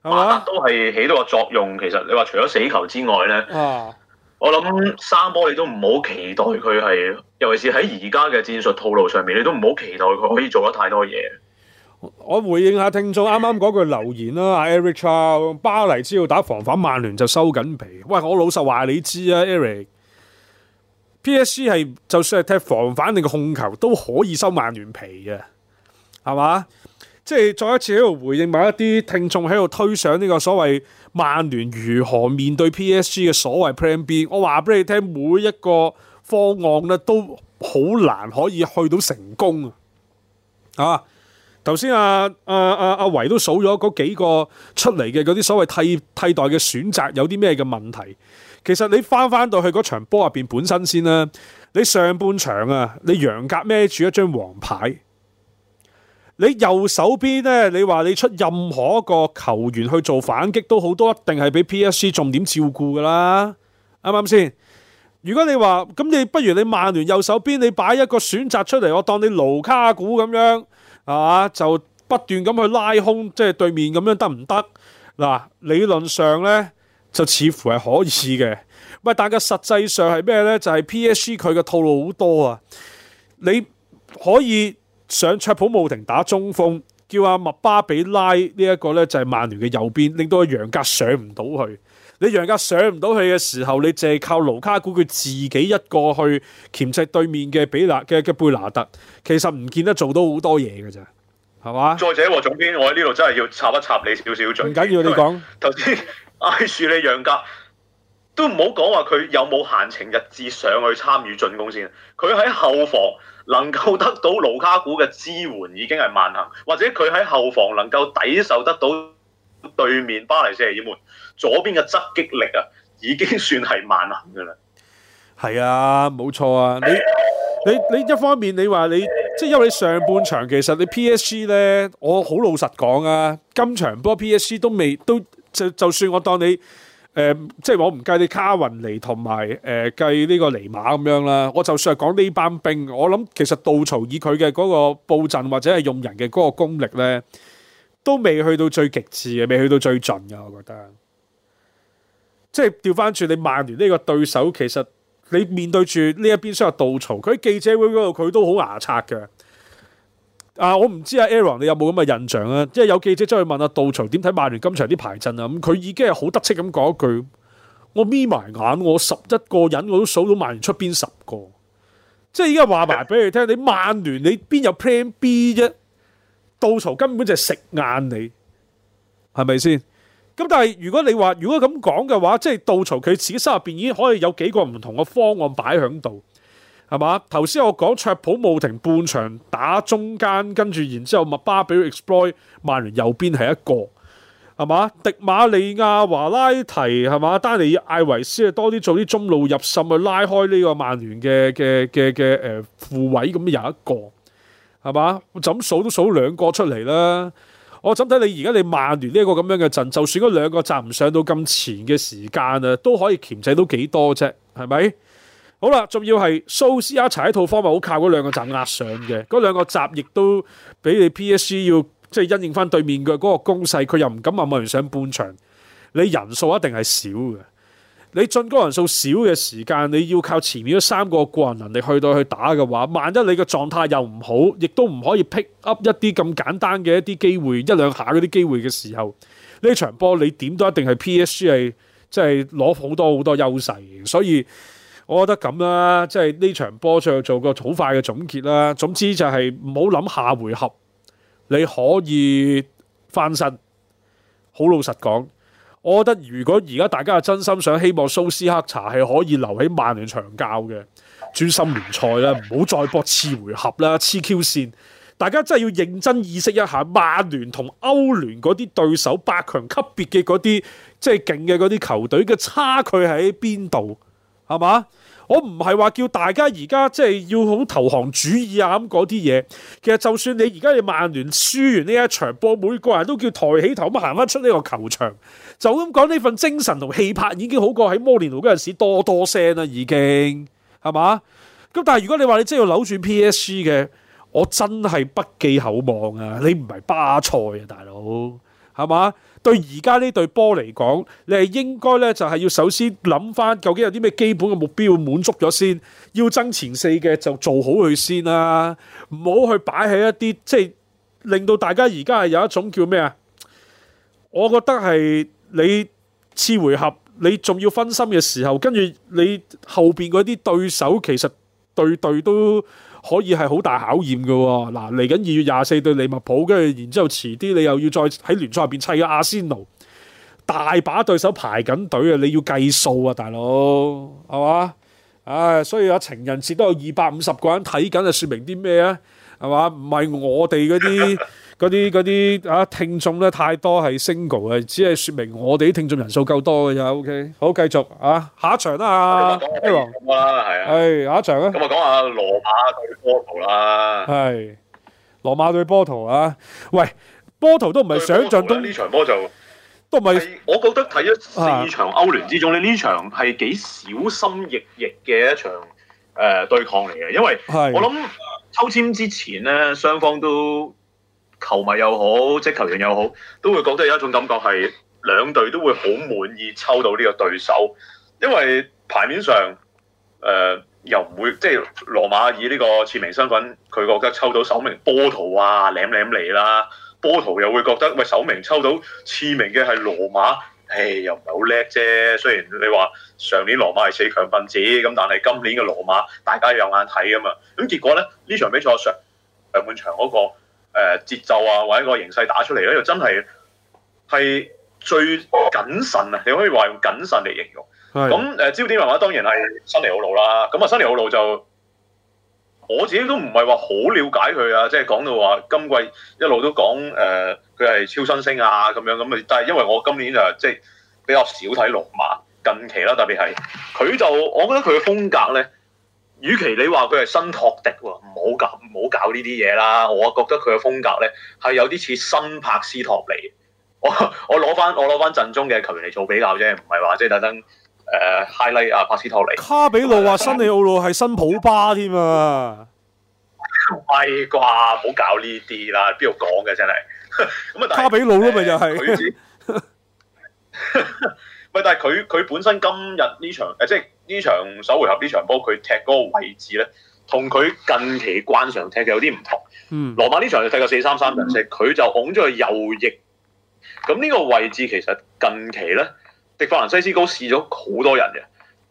係嘛？都係起到個作用。啊、其實你話除咗死球之外咧，嗯、我諗三波你都唔好期待佢係，尤其是喺而家嘅戰術套路上面，你都唔好期待佢可以做得太多嘢。我回應下聽眾，啱啱嗰句留言啦，Eric 啊，巴黎知道打防反，曼聯就收緊皮。喂，我老實話你知啊，Eric，P S G 係就算係踢防反定個控球都可以收曼聯皮嘅，係嘛？即係再一次喺度回應埋一啲聽眾喺度推上呢個所謂曼聯如何面對 P S G 嘅所謂 plan B。我話俾你聽，每一個方案咧都好難可以去到成功啊！頭先、啊啊啊啊、阿啊啊阿維都數咗嗰幾個出嚟嘅嗰啲所謂替替代嘅選擇有啲咩嘅問題？其實你翻翻到去嗰場波入邊本身先啦、啊，你上半場啊，你楊格孭住一張黃牌，你右手邊呢？你話你出任何一個球員去做反擊都好多一定係俾 P S C 重點照顧噶啦，啱啱先？如果你話咁，你不如你曼聯右手邊你擺一個選擇出嚟，我當你盧卡古咁樣。係嘛、啊？就不斷咁去拉空，即、就、係、是、對面咁樣得唔得？嗱、啊，理論上咧就似乎係可以嘅。喂，但係實際上係咩咧？就係 P.S.C 佢嘅套路好多啊！你可以上卓普慕廷打中鋒，叫阿麥巴比拉呢一、這個咧就係曼聯嘅右邊，令到個楊格上唔到去。你楊格上唔到去嘅時候，你淨係靠盧卡古佢自己一個去鉗製對面嘅比勒嘅嘅貝拿特，其實唔見得做到好多嘢嘅咋係嘛？再者，總編，我喺呢度真係要插一插你少少嘴。唔緊為說要，你講頭先，I 樹你楊格都唔好講話佢有冇閒情逸致上去參與進攻先。佢喺後防能夠得到盧卡古嘅支援已經係萬幸，或者佢喺後防能夠抵受得到對面巴黎四野門左邊嘅側擊力啊，已經算係萬幸嘅啦。係啊，冇錯啊。你你你一方面你話你，即係因為你上半場其實你 PSG 咧，我好老實講啊，今場波 PSG 都未都就就算我當你誒，即、呃、係、就是、我唔計你卡雲尼同埋誒計呢個尼馬咁樣啦。我就算係講呢班兵，我諗其實杜曹以佢嘅嗰個佈陣或者係用人嘅嗰個功力咧，都未去到最極致嘅，未去到最盡嘅，我覺得。即係調翻轉，你曼聯呢個對手，其實你面對住呢一邊，雖然杜曹佢喺記者會嗰度，佢都好牙擦嘅。啊，我唔知阿 Aaron 你有冇咁嘅印象啊？即係有記者走去問下杜曹點睇曼聯今場啲排陣啊？咁、嗯、佢已經係好得戚咁講一句：我眯埋眼，我十一個人我都數到曼聯出邊十個。即係依家話埋俾你聽，你曼聯你邊有 Plan B 啫？杜曹根本就係食硬你，係咪先？咁但係如果你話如果咁講嘅話，即係杜曹佢自己心入邊已經可以有幾個唔同嘅方案擺喺度，係嘛？頭先我講卓普慕廷半場打中間，跟住然之後麥巴比 exploit 曼聯右邊係一個，係嘛？迪馬利亞華拉提係嘛？丹尼艾維斯多啲做啲中路入滲去拉開呢個曼聯嘅嘅嘅嘅誒副位咁有一個，係嘛？就數都數兩個出嚟啦。我睇睇你而家你曼聯呢一個咁樣嘅陣，就算嗰兩個站唔上到咁前嘅時間啊，都可以鉗制到幾多啫，係咪？好啦，仲要係蘇斯亞柴一套方法好靠嗰兩個站壓上嘅，嗰兩個站亦都俾你 PSG 要即係、就是、因應翻對面嘅嗰個攻勢，佢又唔敢話曼聯上半場，你人數一定係少嘅。你進攻人數少嘅時間，你要靠前面嗰三個個人能力去到去打嘅話，萬一你嘅狀態又唔好，亦都唔可以 pick up 一啲咁簡單嘅一啲機會，一兩下嗰啲機會嘅時候，呢場波你點都一定係 PSG 係即係攞好多好多優勢。所以我覺得咁啦，即係呢場波就做個好快嘅總結啦。總之就係唔好諗下回合你可以翻身。好老實講。我覺得如果而家大家係真心想希望蘇斯克查係可以留喺曼聯長教嘅，專心聯賽咧，唔好再搏次回合啦。黐 Q 線，大家真係要認真意識一下，曼聯同歐聯嗰啲對手八強級別嘅嗰啲即係勁嘅嗰啲球隊嘅差距喺邊度，係嘛？我唔係話叫大家而家即係要好投降主義啊咁嗰啲嘢，其實就算你而家你曼聯輸完呢一場波，每個人都叫抬起頭咁行翻出呢個球場，就咁講呢份精神同氣魄已經好過喺摩連奴嗰陣時多多聲啦，已經係嘛？咁但係如果你話你真係要扭轉 PSG 嘅，我真係不寄厚望啊！你唔係巴塞啊，大佬係嘛？對而家呢隊波嚟講，你係應該呢，就係、是、要首先諗翻究竟有啲咩基本嘅目標要滿足咗先，要爭前四嘅就做好佢先啦、啊，唔好去擺喺一啲即係令到大家而家係有一種叫咩啊？我覺得係你次回合，你仲要分心嘅時候，跟住你後邊嗰啲對手其實對對都。可以係好大考驗嘅喎、啊，嗱嚟緊二月廿四對利物浦，跟住然之後遲啲你又要再喺聯賽入邊砌個阿仙奴，大把對手排緊隊啊！你要計數啊，大佬係嘛？唉、哎，所以呀，情人節都有二百五十個人睇緊，就説明啲咩啊？係嘛？唔係我哋嗰啲。嗰啲啲啊，聽眾咧太多係 single 嘅，只係説明我哋啲聽眾人數夠多嘅啫。O、okay? K，好繼續啊，下一場啦，A 啦，係啊，係下一場啦。咁啊，講下羅馬對波圖啦。係羅馬對波圖啊，喂，波圖都唔係想像中。呢場波就、啊、都唔係。我覺得睇咗四場歐聯之中咧，呢、啊啊、場係幾小心翼翼嘅一場誒、呃、對抗嚟嘅，因為、啊、我諗抽籤之前咧，雙方都。球迷又好，即球員又好，都會覺得有一種感覺係兩隊都會好滿意抽到呢個對手，因為牌面上誒、呃、又唔會即係羅馬以呢個次名身份，佢覺得抽到首名波圖啊、檸檸嚟啦，波圖又會覺得喂首名抽到次名嘅係羅馬，誒、哎、又唔係好叻啫。雖然你話上年羅馬係四強分子咁，但係今年嘅羅馬大家有眼睇啊嘛。咁結果咧呢場比賽上上半場嗰、那個。誒節奏啊，或者個形勢打出嚟咧，又真係係最謹慎啊！你可以話用謹慎嚟形容。咁誒的、呃，焦點人物當然係新尼奧魯啦。咁啊，新尼奧魯就我自己都唔係話好了解佢啊。即係講到話今季一路都講誒佢係超新星啊咁樣咁啊，但係因為我今年就即係比較少睇龍馬近期啦，特別係佢就我覺得佢嘅風格咧。與其你話佢係新托迪喎，唔好搞唔好搞呢啲嘢啦。我覺得佢嘅風格咧係有啲似新帕斯托尼。我我攞翻我攞翻陣中嘅球員嚟做比較啫，唔係話即係特登。誒、呃、highlight 啊，帕斯托尼。卡比路話：新里奧路係新普巴添啊，唔係啩、哎？唔好搞呢啲啦，邊度講嘅真係咁啊？呵呵卡比路咯、就係，咪就係。咪 (laughs) (laughs) 但係佢佢本身今日呢場誒即係。呢場首回合呢場波佢踢嗰個位置咧，同佢近期慣常踢嘅有啲唔同。羅馬呢場就踢咗四三三陣式，佢、嗯、就拱咗去右翼。咁呢個位置其實近期咧，迪法蘭西斯高試咗好多人嘅。誒、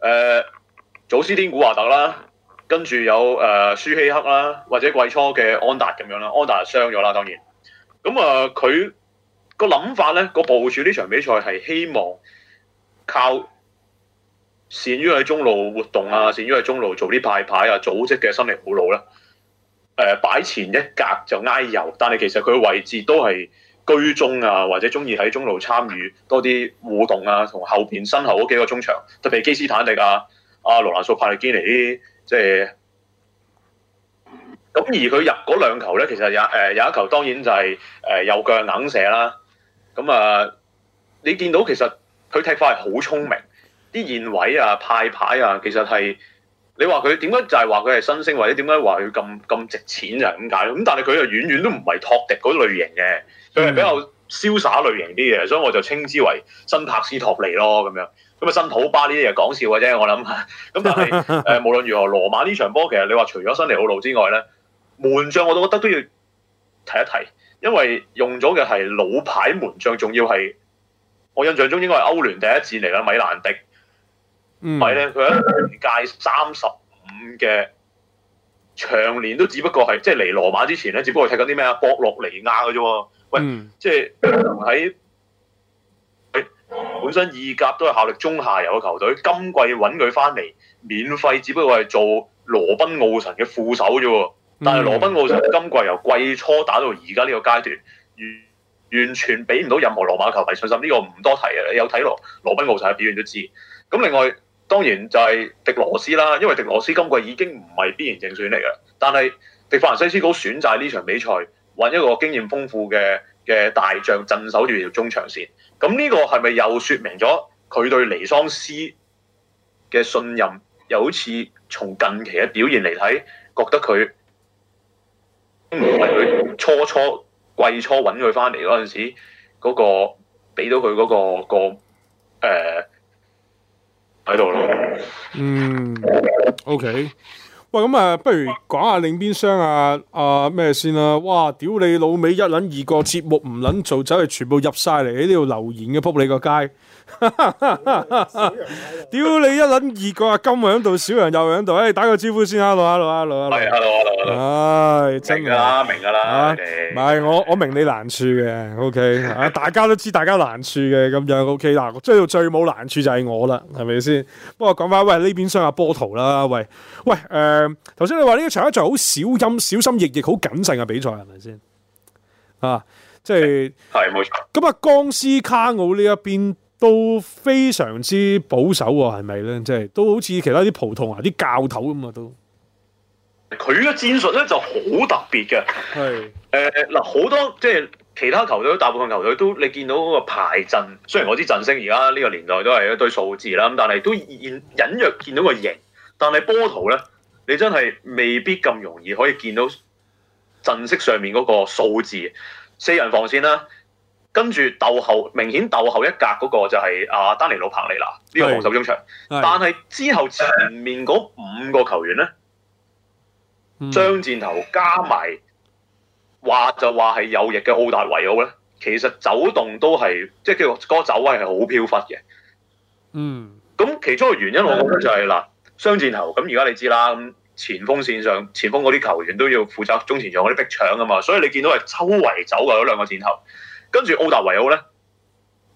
呃，祖斯丁古華特啦，跟住有誒、呃、舒希克啦，或者季初嘅安達咁樣啦。安達傷咗啦，當然。咁、嗯、啊，佢、呃那個諗法咧，個部署呢場比賽係希望靠。善於喺中路活動啊，善於喺中路做啲派牌啊、組織嘅心理套路咧。誒、呃，擺前一格就挨遊，但係其實佢位置都係居中啊，或者中意喺中路參與多啲互動啊，同後邊身後嗰幾個中場，特別基斯坦迪啊、阿、啊、羅蘭素、帕利基尼啲，即、就、係、是。咁而佢入嗰兩球咧，其實也誒、呃、有一球當然就係、是、誒、呃、右腳硬射啦。咁啊，你見到其實佢踢法係好聰明。啲現位啊派牌啊，其實係你話佢點解就係話佢係新星，或者點解話佢咁咁值錢啊？咁解？咁但係佢又遠遠都唔係托迪嗰類型嘅，佢係比較瀟灑類型啲嘅，所以我就稱之為新帕斯托尼咯咁樣。咁啊新土巴呢啲嘢講笑嘅啫，我諗。咁但係誒 (laughs) 無論如何，羅馬呢場波其實你話除咗新尼奧路之外咧，門將我都覺得都要提一提，因為用咗嘅係老牌門將，仲要係我印象中應該係歐聯第一次嚟啦，米蘭迪。唔係咧，佢喺年屆三十五嘅長年都只不過係即係嚟羅馬之前咧，只不過踢緊啲咩啊？博洛尼亞嘅啫喎，喂，即係喺本身意甲都係效力中下游嘅球隊，今季揾佢翻嚟，免費只不過係做羅賓奧神嘅副手啫喎。但係羅賓奧神今季由季初打到而家呢個階段，完完全俾唔到任何羅馬球迷信心。呢個唔多提啊，你有睇羅羅賓奧神嘅表現都知。咁另外，當然就係迪羅斯啦，因為迪羅斯今季已經唔係必然正選嚟嘅，但係迪法蘭西斯高選擇呢場比賽揾一個經驗豐富嘅嘅大將鎮守住條中場線。咁呢個係咪又説明咗佢對尼桑斯嘅信任？又好似從近期嘅表現嚟睇，覺得佢唔係佢初初季初揾佢翻嚟嗰陣時嗰、嗰個俾到佢嗰、嗰個、嗰個、呃喺度咯，嗯，OK，喂，咁啊，不如講下另邊廂啊，啊咩先啦，啊？哇，屌你老味，一捻二個節目唔捻做，走去全部入晒嚟喺呢度留言嘅，撲你個街！哈哈哈！屌你一捻二個阿金喺度，小羊又喺度，誒、欸，打個招呼先，哈嘍，哈 (noise) 嘍樂，哈嘍，哈 l 哈嘍，哈嘍，哈嘍，係，真噶啦，明噶啦，唔係、啊、你我我明你難處嘅，OK， (laughs) 啊，大家都知大家難處嘅咁樣，OK，嗱，追、啊、到最冇難處就係我啦，係咪先？不過講翻，喂，呢邊廂阿波圖啦，喂喂，誒、呃，頭先你話呢一場一場好小音、小心翼翼，好謹慎嘅比賽係咪先？啊，即係係冇錯。咁啊，江斯卡奧呢一邊。都非常之保守喎，係咪咧？即係都好似其他啲葡萄牙啲教頭咁啊，都佢嘅戰術咧就好特別嘅。係誒是，嗱、呃，好多即係其他球隊，大部分球隊都你見到個排陣，雖然我知陣聲而家呢個年代都係一堆數字啦，咁但係都隱隱約見到個型。但係波圖咧，你真係未必咁容易可以見到陣式上面嗰個數字。四人防線啦、啊。跟住斗後明顯斗後一格嗰個就係、是、阿、啊、丹尼魯彭尼啦呢是個防守中場。是但係之後前面嗰五個球員咧，嗯、雙箭頭加埋，話就話係右翼嘅奧達維奧咧，其實走動都係即係叫個走位係好飄忽嘅。嗯，咁其中一個原因、就是，我覺得就係啦，雙箭頭。咁而家你知啦，前鋒線上前鋒嗰啲球員都要負責中前場嗰啲逼搶吖嘛，所以你見到係周圍走嘅嗰兩個箭頭。跟住奧達維奧咧，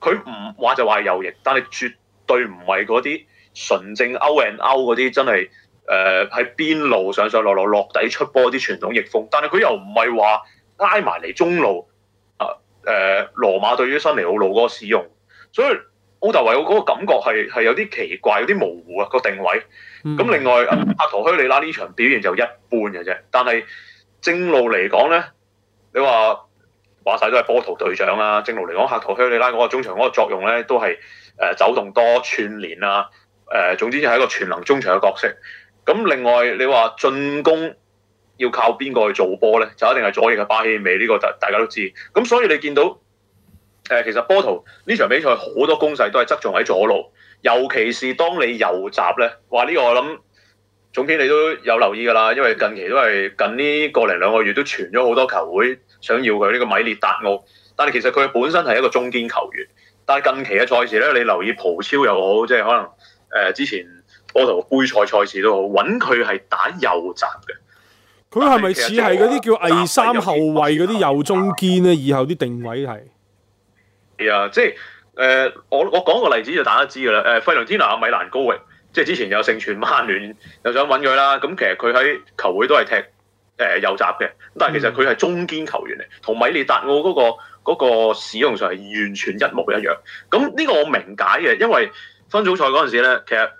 佢唔話就話係右翼，但係絕對唔係嗰啲純正 o N 歐嗰啲，真係喺、呃、邊路上上落落落，落底出波啲傳統逆風。但係佢又唔係話拉埋嚟中路啊誒、呃、羅馬對於新尼奧路嗰個使用，所以奧達維奧嗰個感覺係有啲奇怪、有啲模糊啊、那個定位。咁、嗯、另外、啊、 (laughs) 阿托希里拉呢場表現就一般嘅啫，但係正路嚟講咧，你話。話晒都係波圖隊長啦、啊，正路嚟講，客圖希裏拉嗰個中場嗰個作用咧，都係誒、呃、走動多串連啊，誒、呃、總之就係一個全能中場嘅角色。咁另外你話進攻要靠邊個去做波咧？就一定係左翼嘅巴希美呢個，大大家都知道。咁所以你見到誒、呃、其實波圖呢場比賽好多攻勢都係側重喺左路，尤其是當你右閘咧，話呢、呢個我諗總編你都有留意噶啦，因為近期都係近呢個零兩個月都傳咗好多球會。想要佢呢個米列達奧，但係其實佢本身係一個中堅球員，但係近期嘅賽事咧，你留意葡超又好，即係可能誒、呃、之前波頭杯賽賽事都好，揾佢係打右閘嘅。佢係咪似係嗰啲叫偽三後衞嗰啲右中堅咧？以後啲定位係係啊，yeah, 即係誒、呃、我我講個例子就大家就知㗎啦。誒費倫天拿阿米蘭高域，即係之前又盛傳曼聯又想揾佢啦。咁其實佢喺球會都係踢。誒、呃、右閘嘅，但係其實佢係中堅球員嚟，同、嗯、米利達奧嗰、嗰個嗰、嗰個、使用上係完全一模一樣。咁呢個我明解嘅，因為分組賽嗰陣時咧，其實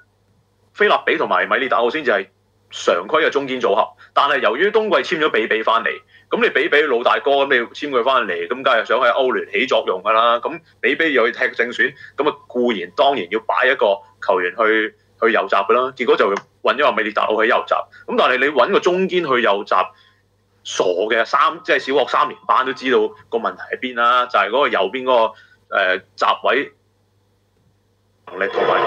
菲臘比同埋米利達奧先至係常規嘅中堅組合。但係由於冬季簽咗比比翻嚟，咁你比比老大哥咁，你簽佢翻嚟，咁梗係想喺歐聯起作用㗎啦。咁比比又去踢正選，咁啊固然當然要擺一個球員去。去右閘嘅啦，結果就揾咗阿米列達奧去右閘。咁但係你揾個中堅去右閘，傻嘅三即係、就是、小學三年班都知道個問題喺邊啦，就係、是、嗰個右邊嗰、那個誒、呃、閘位能力同埋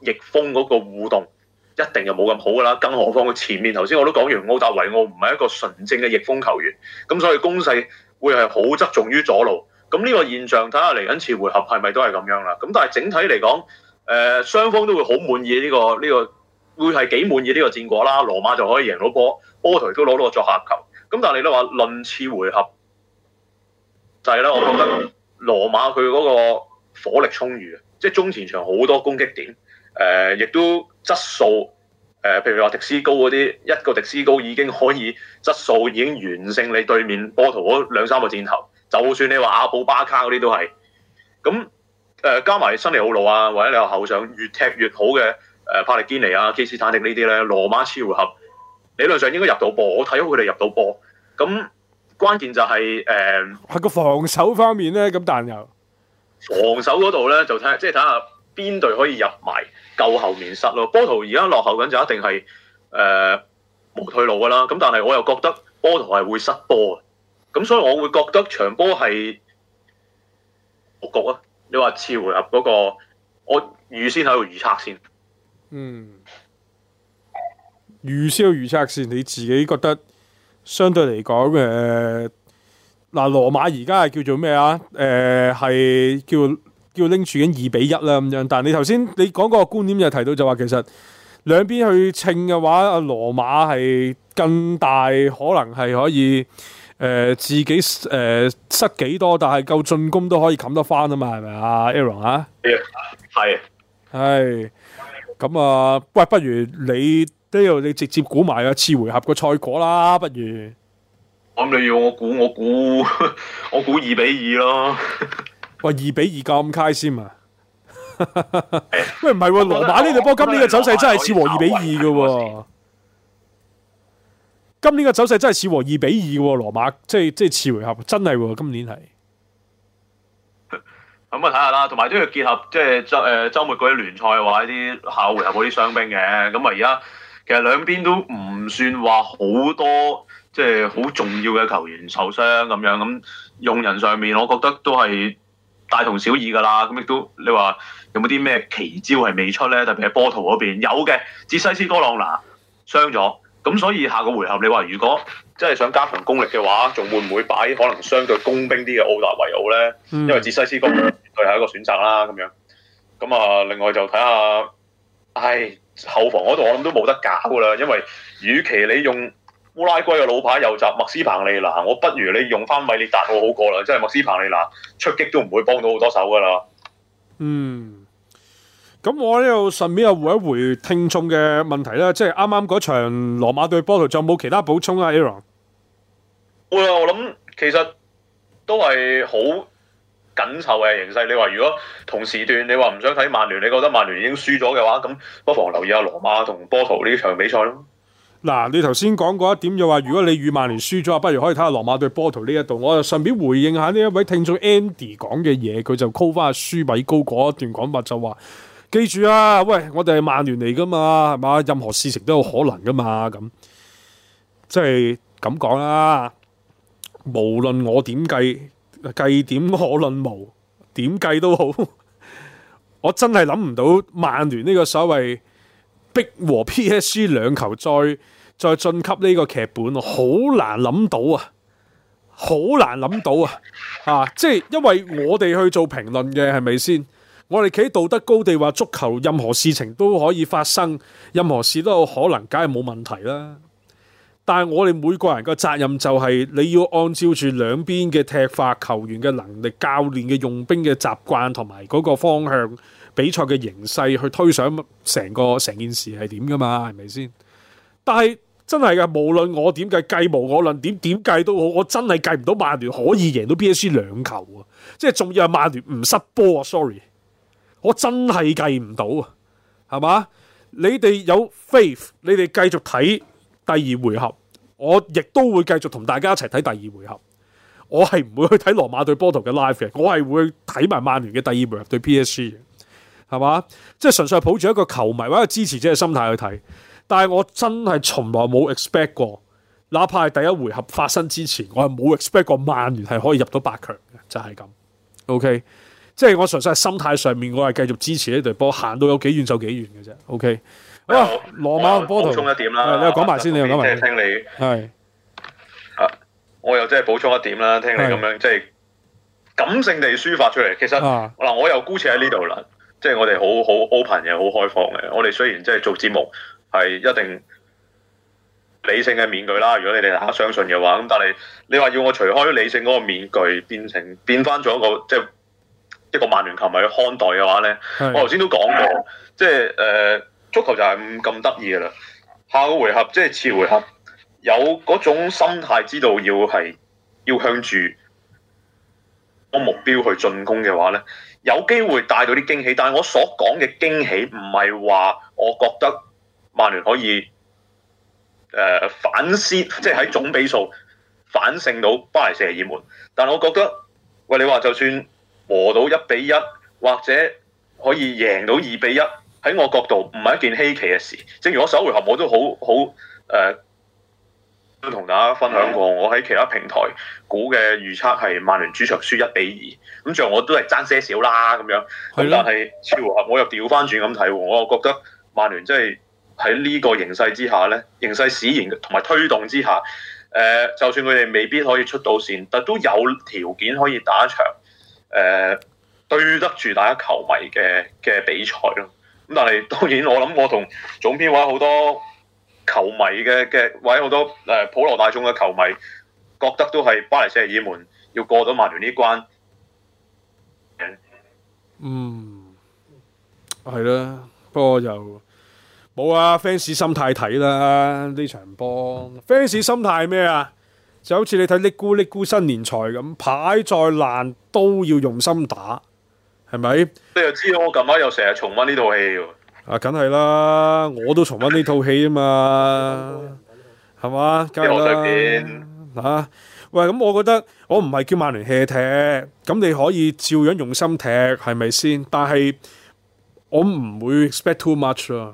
逆風嗰個互動一定就冇咁好噶啦。更何況佢前面頭先我都講完，奧達維奧唔係一個純正嘅逆風球員，咁所以攻勢會係好側重於左路。咁呢個現象睇下嚟緊次回合係咪都係咁樣啦？咁但係整體嚟講，誒、呃、雙方都會好滿意呢、這個呢、這個會係幾滿意呢個戰果啦。羅馬就可以贏到波，波圖都攞到個作客球。咁但係你都話論次回合，就係、是、咧，我覺得羅馬佢嗰個火力充裕，即中前場好多攻擊點。亦、呃、都質素，誒、呃、譬如話迪斯高嗰啲，一個迪斯高已經可以質素已經完勝你對面波圖嗰兩三個戰頭。就算你話阿布巴卡嗰啲都係，咁、嗯。誒、呃、加埋新尼奧路啊，或者你話後上越踢越好嘅誒、呃、帕利堅尼啊、基斯坦迪呢啲咧，羅馬超回合理論上應該入到波，我睇到佢哋入到波。咁關鍵就係、是、誒，係、呃、個防守方面咧。咁但又防守嗰度咧，就睇下即係睇下邊隊可以入埋救後面塞咯。波圖而家落後緊，就一定係誒、呃、無退路噶啦。咁但係我又覺得波圖係會失波。咁所以我會覺得場波係局啊！我你話次回合嗰、那個，我預先喺度預測先，嗯，預先預測先，你自己覺得相對嚟講誒，嗱、呃、羅馬而家係叫做咩啊？誒、呃、係叫叫拎住緊二比一啦咁樣。但你頭先你講嗰個觀點又提到就話其實兩邊去稱嘅話，阿羅馬係更大可能係可以。誒、呃，自己誒失幾多，但係夠進攻都可以冚得翻啊嘛，係咪啊 Aaron 啊？係係、啊，咁、哎、啊，喂，不如你都有你直接估埋啊次回合個賽果啦，不如？咁你要我估，我估，我估二 (laughs) 比二咯。 (laughs) 喂，二比二咁開先啊？ (laughs) 喂，唔係喎，羅馬呢隻波今年嘅走勢真係似和二比二噶喎。今年嘅走勢真係似和二比二羅馬，即係即係次回合，真係喎！今年係咁啊，睇下啦。同埋都要結合，即係周誒、呃、周末嗰啲聯賽嘅話，啲下回合嗰啲傷兵嘅。咁啊，而家其實兩邊都唔算話好多，即係好重要嘅球員受傷咁樣。咁用人上面，我覺得都係大同小異噶啦。咁亦都，你話有冇啲咩奇招係未出咧？特別喺波圖嗰邊有嘅，至西斯哥朗拿傷咗。傷了咁所以下個回合，你話如果真係想加強攻力嘅話，仲會唔會擺可能相對攻兵啲嘅奧達維奧呢？嗯、因為哲西斯哥佢係一個選擇啦，咁樣。咁啊，另外就睇下，唉，後防嗰度我諗都冇得搞噶啦，因為與其你用烏拉圭嘅老牌右閘麥斯彭利拿，我不如你用翻米列達奧好好過啦，即係麥斯彭利拿出擊都唔會幫到好多手噶啦。嗯。咁我呢度順便又回一回聽眾嘅問題啦，即係啱啱嗰場羅馬對波圖，仲有冇其他補充啊，Aaron？會啊！我諗其實都係好緊湊嘅形勢。你話如果同時段，你話唔想睇曼聯，你覺得曼聯已經輸咗嘅話，咁不妨留意下羅馬同波圖呢場比賽咯。嗱，你頭先講過一點，就話如果你與曼聯輸咗，不如可以睇下羅馬對波圖呢一度。我又順便回應下呢一位聽眾 Andy 講嘅嘢，佢就 call 翻阿舒米高嗰一段講法，就話。記住啊，喂，我哋係曼聯嚟噶嘛，係嘛？任何事情都有可能噶嘛，咁即係咁講啦。無論我點計計點，我論無點計都好，我真係諗唔到曼聯呢個所謂逼和 PSG 兩球再再晉級呢個劇本，好難諗到啊！好難諗到啊！啊即係因為我哋去做評論嘅係咪先？我哋企道德高地，話足球任何事情都可以發生，任何事都有可能，梗係冇問題啦。但係我哋每個人嘅責任就係、是、你要按照住兩邊嘅踢法、球員嘅能力、教練嘅用兵嘅習慣同埋嗰個方向、比賽嘅形勢去推想成個成件事係點㗎嘛？係咪先？但係真係㗎，無論我點計計無可，無論點點計都好，我真係計唔到曼聯可以贏到 BSC 兩球喎。即係仲要係曼聯唔失波啊！Sorry。我真係計唔到啊，係嘛？你哋有 faith，你哋繼續睇第二回合，我亦都會繼續同大家一齊睇第二回合。我係唔會去睇羅馬對波圖嘅 live 嘅，我係會睇埋曼聯嘅第二回合對 PSG 嘅，係嘛？即係純粹係抱住一個球迷或者支持者嘅心態去睇。但係我真係從來冇 expect 過，哪怕係第一回合發生之前，我係冇 expect 過曼聯係可以入到八強嘅，就係咁。OK。即係我純粹係心態上面，我係繼續支持呢隊波，行到有幾遠就幾遠嘅啫。O K，哇！羅馬波圖補充一點啦，啊，你又講埋先，先你又講埋。聽你係啊，我又的即係補充一點啦。聽你咁樣即係感性地抒發出嚟。其實嗱的，啊，我又姑且喺呢度啦。即係我哋好好 open 又好開放嘅。我哋雖然即係做節目係一定理性嘅面具啦。如果你哋大家相信嘅話，咁但係你話要我除開理性嗰個面具，變成變翻做一個即係。一個曼聯球迷去看待嘅話咧，是我頭先都講過，即係誒足球就係咁得意啦。下個回合即係、就是、次回合，有嗰種心態，知道要係要向住個目標去進攻嘅話咧，有機會帶到啲驚喜。但係我所講嘅驚喜，唔係話我覺得曼聯可以誒、呃、反先，即係喺總比數反勝到巴黎聖日耳門。但係我覺得，喂你話就算，和到一比一，或者可以贏到二比一，喺我角度唔係一件稀奇嘅事。正如我首回合我都好好誒，都同、呃、大家分享過，我喺其他平台估嘅預測係曼聯主場輸一比二，咁最後我都係爭些少啦咁樣。係啦但係超回合我又調翻轉咁睇，我又我覺得曼聯真係喺呢個形勢之下呢形勢使然同埋推動之下，誒、呃、就算佢哋未必可以出到線，但都有條件可以打場。誒、呃、對得住大家球迷嘅嘅比賽咯，咁但係當然我諗我同總編或者好多球迷嘅嘅或者好多誒、呃、普羅大眾嘅球迷，覺得都係巴黎聖日耳門要過到曼聯呢關。嗯，係啦，不過就冇啊 fans 心態睇啦呢場波，fans、嗯、心態咩啊？就好似你睇《嚦咕嚦咕新年財》咁，牌再爛都要用心打，係咪？你又知我琴晚又成日重溫呢套戲喎。啊，梗係啦，我都重溫呢套戲啊嘛，係嘛，梗係啦。啊喂，咁我覺得我唔係叫曼聯棄踢，咁你可以照樣用心踢，係咪先？但係我唔會 expect too much 啦。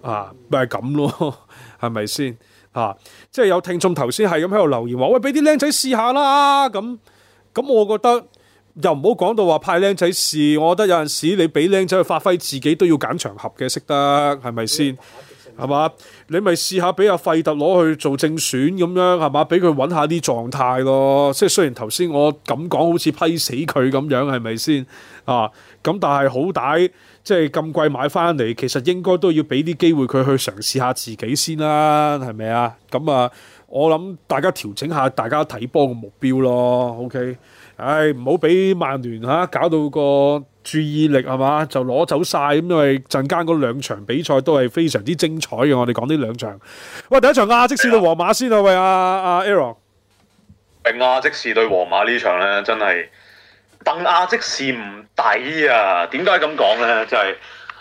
啊，咪係咁咯，係咪先？嚇、啊！即係有聽眾頭先係咁喺度留言話：喂，俾啲僆仔試下啦！咁咁，我覺得又唔好講到話派僆仔試。我覺得有陣時你俾僆仔去發揮自己都要揀場合嘅，識得係咪先？係嘛、嗯嗯？你咪試一下俾阿費特攞去做正選咁樣，係嘛？俾佢揾下啲狀態咯。即係雖然頭先我咁講好似批死佢咁樣，係咪先？啊！咁但係好抵。即係咁貴買翻嚟，其實應該都要俾啲機會佢去嘗試下自己先啦，係咪啊？咁啊，我諗大家調整下大家睇波嘅目標咯。OK，唉，唔好俾曼聯吓、啊、搞到個注意力係嘛，就攞走晒。咁因為陣間嗰兩場比賽都係非常之精彩嘅，我哋講呢兩場。喂，第一場亞積士對皇馬先啊，喂啊，阿、啊、Aaron，阿積士對皇馬呢場咧真係。鄧亞積士唔抵啊！點解咁講咧？就係、是、誒、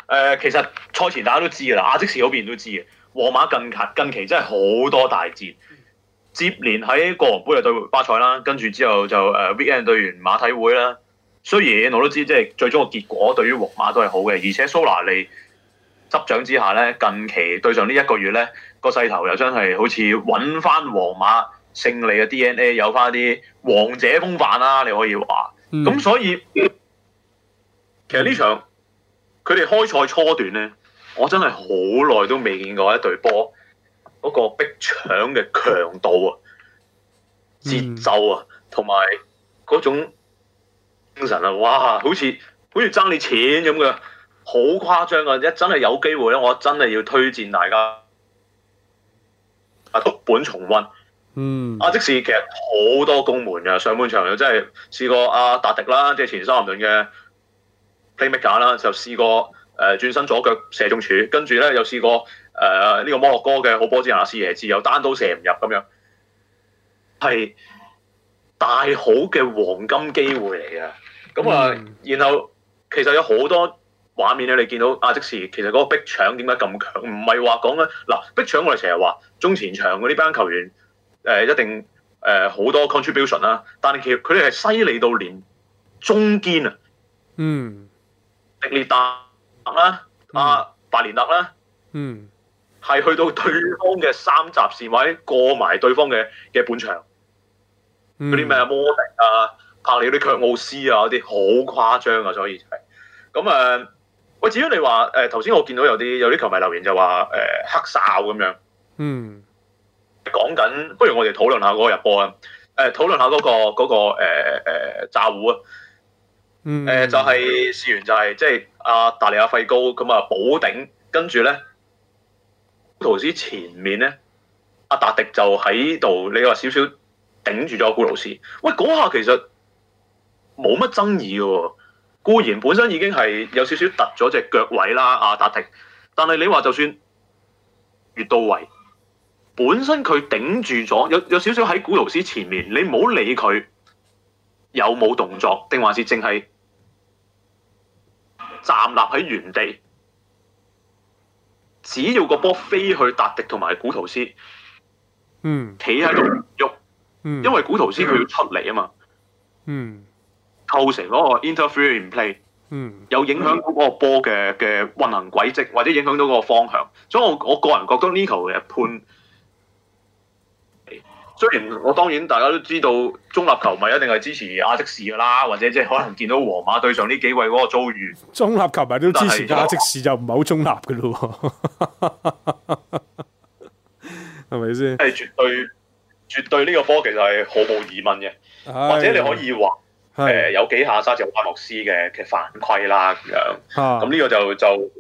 呃，其實賽前大家都知噶啦，亞積士嗰邊都知嘅。皇馬近近期真係好多大戰，接連喺國王杯又對巴塞啦，跟住之後就誒 weekend 對完馬體會啦。雖然我都知，即係最終個結果對於皇馬都係好嘅，而且蘇拿利執掌之下咧，近期對上呢一個月咧個勢頭又真係好似揾翻皇馬勝利嘅 D N A，有翻啲王者風範啦、啊，你可以話。咁、嗯、所以，其實呢場佢哋開賽初段咧，我真係好耐都未見過一隊波嗰個逼搶嘅強度啊、節奏啊，同埋嗰種精神啊，哇！好似好似爭你錢咁嘅，好誇張啊。一真係有機會咧，我真係要推薦大家啊！讀本重温。嗯，阿、啊、即士其實好多攻門嘅，上半場又真係試過阿、啊、達迪啦，即係前三輪嘅 Playmaker 啦，就試過誒轉、呃、身左腳射中柱，跟住咧又試過誒呢、呃這個摩洛哥嘅好波子阿斯耶治，又單刀射唔入咁樣，係大好嘅黃金機會嚟嘅。咁啊，嗯、然後其實有好多畫面咧，你見到阿、啊、即士其實嗰個逼搶點解咁強？唔係話講咧，嗱逼搶我哋成日話中前場嘅呢班球員。誒、呃、一定誒好、呃、多 contribution 啦、啊，但係其實佢哋係犀利到連中堅、嗯、啊，嗯，迪列達啦、啊，白連達啦，嗯，係去到對方嘅三閘線或者過埋對方嘅嘅半場，嗰啲咩啊摩迪啊拍你啲卻奧斯啊嗰啲好誇張啊，所以係咁誒。喂，至於你話誒頭先我見到有啲有啲球迷留言就話誒、呃、黑哨咁樣，嗯。講緊，不如我哋討論下嗰個日波啊！誒，討論下嗰個嗰個誒誒炸糊啊！誒，就係事緣就係，即係阿達利亞費高咁啊，保頂，跟住咧，古羅前面咧，阿達迪就喺度，你話少少頂住咗古老斯，喂，嗰下其實冇乜爭議噶，固然本身已經係有少少突咗隻腳位啦，阿達迪，但係你話就算越到位。本身佢頂住咗，有有少少喺古圖斯前面，你唔好理佢有冇動作，定還是淨係站立喺原地。只要個波飛去達迪同埋古圖斯，嗯，企喺度喐，嗯，因為古圖斯佢要出嚟啊嘛，嗯，構成嗰個 interfering play，嗯，有影響嗰個波嘅嘅運行軌跡，或者影響到嗰個方向。所以我我個人覺得呢球嘅判。雖然我當然大家都知道中立球迷一定係支持阿積士噶啦，或者即係可能見到皇馬對上呢幾位嗰個遭遇，中立球迷都支持阿積士，就唔係好中立噶咯，係咪先？係絕對絕對呢個波其實係毫無疑問嘅，哎、或者你可以話誒、哎呃、有幾下沙士拉莫斯嘅嘅犯規啦咁樣，咁呢哈、嗯這個就就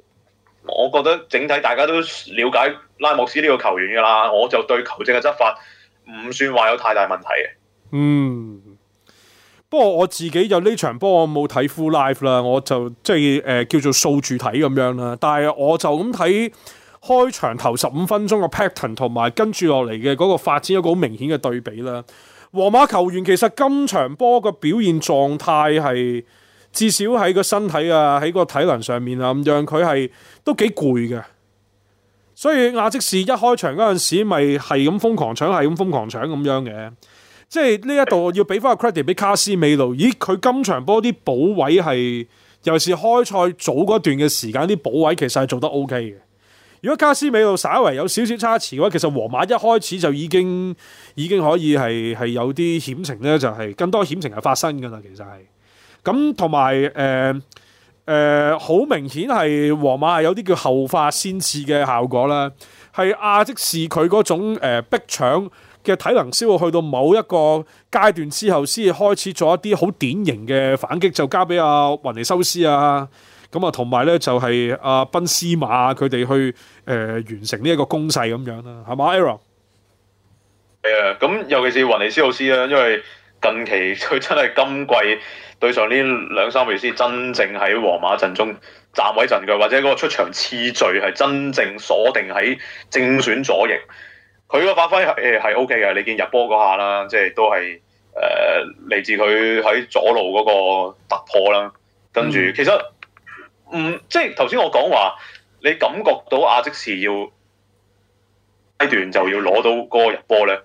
我覺得整體大家都了解拉莫斯呢個球員噶啦，我就對球證嘅執法。唔算話有太大問題嘅，嗯。不過我自己就呢場波我冇睇 full live 啦，我就即係誒叫做數住睇咁樣啦。但係我就咁睇開場頭十五分鐘嘅 pattern 同埋跟住落嚟嘅嗰個發展有個好明顯嘅對比啦。皇馬球員其實今場波嘅表現狀態係至少喺個身體啊，喺個體能上面啊，咁樣佢係都幾攰嘅。所以亞積士一開場嗰陣時，咪係咁瘋狂搶，係咁瘋狂搶咁樣嘅。即係呢一度要俾翻個 credit 俾卡斯美路。咦，佢今場波啲保位係尤其是開賽早嗰段嘅時間，啲保位其實係做得 OK 嘅。如果卡斯美路稍為有少少差池嘅話，其實皇馬一開始就已經已經可以係係有啲險情咧，就係、是、更多險情係發生㗎啦。其實係咁，同埋誒。誒，好、呃、明顯係皇馬有啲叫後發先至嘅效果啦，係阿、啊、積士佢嗰種誒逼搶嘅體能，先會去到某一個階段之後，先至開始做一啲好典型嘅反擊，就交俾阿雲尼修斯啊，咁啊，同埋咧就係阿賓斯馬佢哋去誒、呃、完成呢一個攻勢咁樣啦，係嘛 Aaron？咁尤其是雲尼修斯啊，因為近期佢真係今季。對上呢兩三個月先真正喺皇馬陣中站位陣腳，或者嗰個出場次序係真正鎖定喺正選左翼。佢個發揮係係 O K 嘅，你見入波嗰下啦，即係都係誒嚟自佢喺左路嗰個突破啦。跟住其實唔、嗯、即係頭先我講話，你感覺到亞積士要階段就要攞到嗰個入波咧。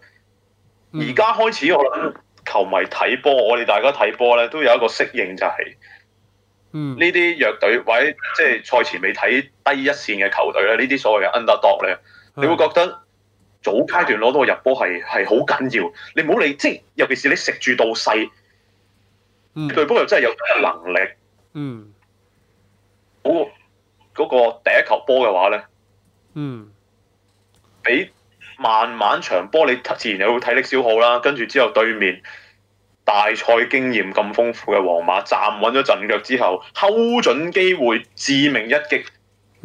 而家開始我諗。球迷睇波，我哋大家睇波咧，都有一個適應，就係嗯呢啲弱隊或者即係賽前未睇低一線嘅球隊咧，呢啲所謂嘅 underdog 咧，你會覺得早階段攞到個入波係係好緊要，你唔好理，即係尤其是你食住到細，對波、嗯、又真係有個能力，嗯，好嗰、嗰個第一球波嘅話咧，嗯，誒。慢慢場波，你自然就會體力消耗啦。跟住之後，對面大賽經驗咁豐富嘅皇馬站穩咗陣腳之後，睺準機會致命一擊，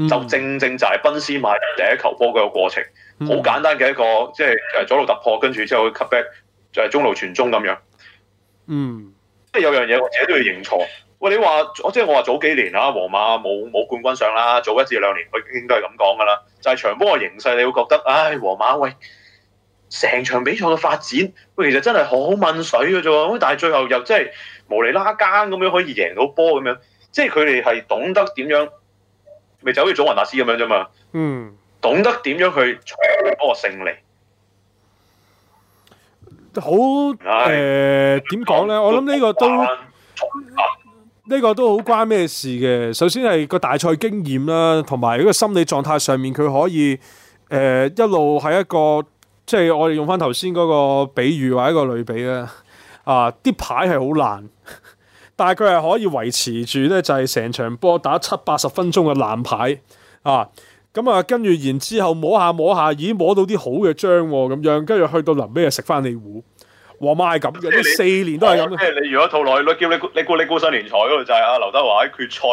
就正正就係賓斯馬第一球波嗰個過程。好簡單嘅一個，即係左路突破，跟住之後 cut back，就係中路傳中咁樣。嗯，即係有樣嘢我自己都要認錯。喂，你話、就是、我即係我話早幾年啊，皇馬冇冇冠軍上啦，早一至兩年，佢應該係咁講噶啦。就係、是、場波嘅形勢，你會覺得，唉、哎，皇馬喂，成場比賽嘅發展，喂，其實真係好問水嘅啫。咁但係最後又真係無厘拉更咁樣可以贏到波咁樣，即係佢哋係懂得點樣，咪就好似祖雲達斯咁樣啫嘛。嗯，懂得點樣去搶波勝利，好誒？點講咧？我諗呢個都。呢個都好關咩事嘅？首先係個大賽經驗啦，同埋呢個心理狀態上面，佢可以誒、呃、一路喺一個即係我哋用翻頭先嗰個比喻或者一個類比啦。啊，啲牌係好爛，但係佢係可以維持住咧，就係、是、成場波打七八十分鐘嘅爛牌啊。咁啊，跟住然之後，後摸下摸下，咦摸到啲好嘅張喎。咁樣，跟住去到臨尾又食翻你糊。皇馬係咁嘅，呢你四年都係咁嘅。即係你如果套落去，叫你你估你估新年財嗰度就係啊劉德華喺決賽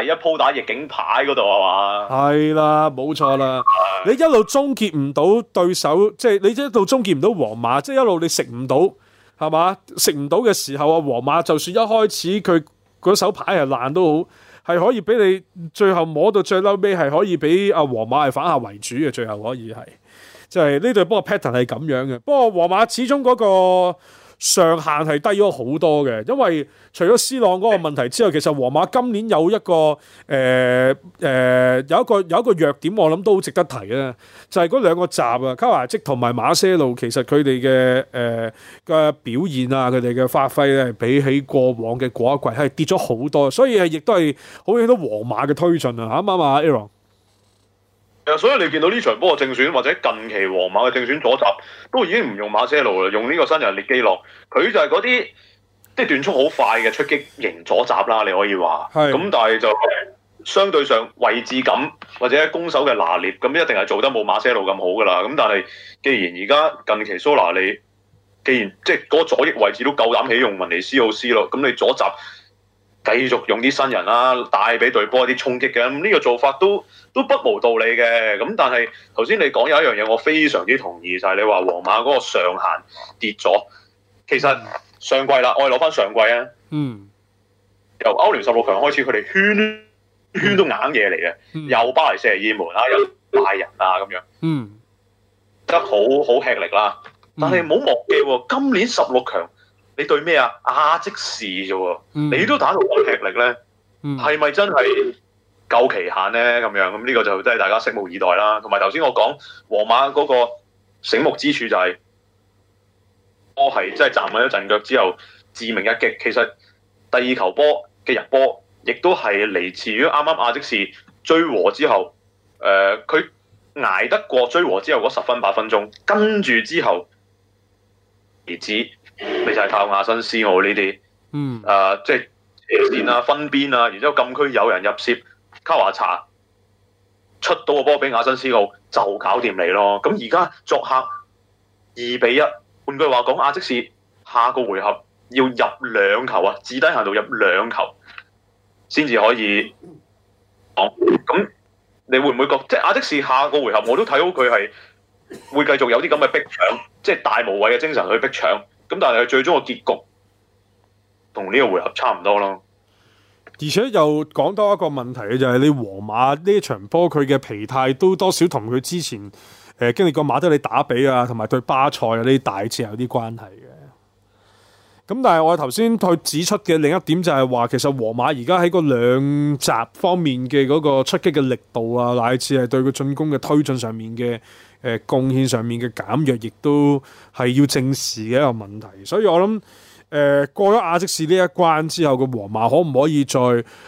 第一鋪打逆境牌嗰度係嘛？係啦，冇錯啦。錯了，的你一路終結唔到對手，即係你一路終結唔到皇馬，即係一路你食唔到係嘛？食唔到嘅時候啊，皇馬就算一開始佢嗰手牌係爛都好，係可以俾你最後摸到最嬲尾，係可以俾啊皇馬係反客為主嘅，最後可以係。就係呢對波 pattern 係咁樣嘅，不過皇馬始終嗰個上限係低咗好多嘅，因為除咗 C 朗嗰個問題之外，其實皇馬今年有一個誒誒、呃呃、有一個有一個弱點，我諗都好值得提嘅。就係嗰兩個閘啊，卡華積同埋馬些路，其實佢哋嘅誒嘅表現啊，佢哋嘅發揮咧，比起過往嘅嗰一季係跌咗好多，所以亦都係好影響到皇馬嘅推進啊！啱唔啱啊 Aaron。啊！所以你見到呢場波嘅正選或者近期皇馬嘅正選左閘，都已經唔用馬些路啦，用呢個新人列基洛。佢就係嗰啲即係短速好快嘅出擊型左閘啦，你可以話。係是。咁但係就相對上位置感或者攻守嘅拿捏，咁一定係做得冇馬些路咁好噶啦。咁但係既然而家近期蘇拿利，既然即係嗰個左翼位置都夠膽起用雲尼斯奧斯咯，咁你左閘？繼續用啲新人啦，啊，帶俾隊波啲衝擊嘅，咁、嗯、呢、這個做法都都不無道理嘅。咁但係頭先你講有一樣嘢，我非常之同意就係、是、你話皇馬嗰個上限跌咗。其實上季啦，我哋攞翻上季啊。嗯。由歐聯十六強開始，佢哋圈圈都硬嘢嚟嘅，又、嗯、巴黎聖日耳門有拜仁啊，又拜仁啊咁樣。嗯。得好好吃力啦，但係冇忘記喎，今年十六強。你對咩啊？亞積士啫喎，嗯、你都打到咁吃力咧，係咪真係夠期限咧？咁樣咁呢個就真係大家拭目以待啦。同埋頭先我講皇馬嗰個醒目之處就係、是，波係真係站穩一陣腳之後致命一擊。其實第二球波嘅入波，亦都係嚟自於啱啱亞積士追和之後。佢、呃、捱得過追和之後嗰十分八分鐘，跟住之後而止。你就係靠亞新斯奧呢啲，嗯，誒、啊，即係斜線啊、分邊啊，然之後禁區有人入攝，卡華查出到個波俾亞新斯奧就搞掂你咯。咁而家作客二比一，換句話講，亞、啊、積士下個回合要入兩球啊，至低限度入兩球先至可以講。咁、啊、你會唔會覺得即係亞積士下個回合我都睇到，佢係會繼續有啲咁嘅逼搶，即係大無畏嘅精神去逼搶。咁但係最終嘅結局同呢個回合差唔多咯，而且又講多一個問題嘅就係、是、你皇馬呢場波佢嘅疲態都多少同佢之前誒、呃、經歷過馬德里打比啊，同埋對巴塞啊呢啲大仗有啲關係嘅。咁但係我頭先佢指出嘅另一點就係話，其實皇馬而家喺個兩閘方面嘅嗰個出擊嘅力度啊，乃至係對佢進攻嘅推進上面嘅。誒、呃、貢獻上面嘅減弱，亦都係要正視嘅一個問題。所以我諗，誒、呃、過咗亞積士呢一關之後，個皇馬可唔可以再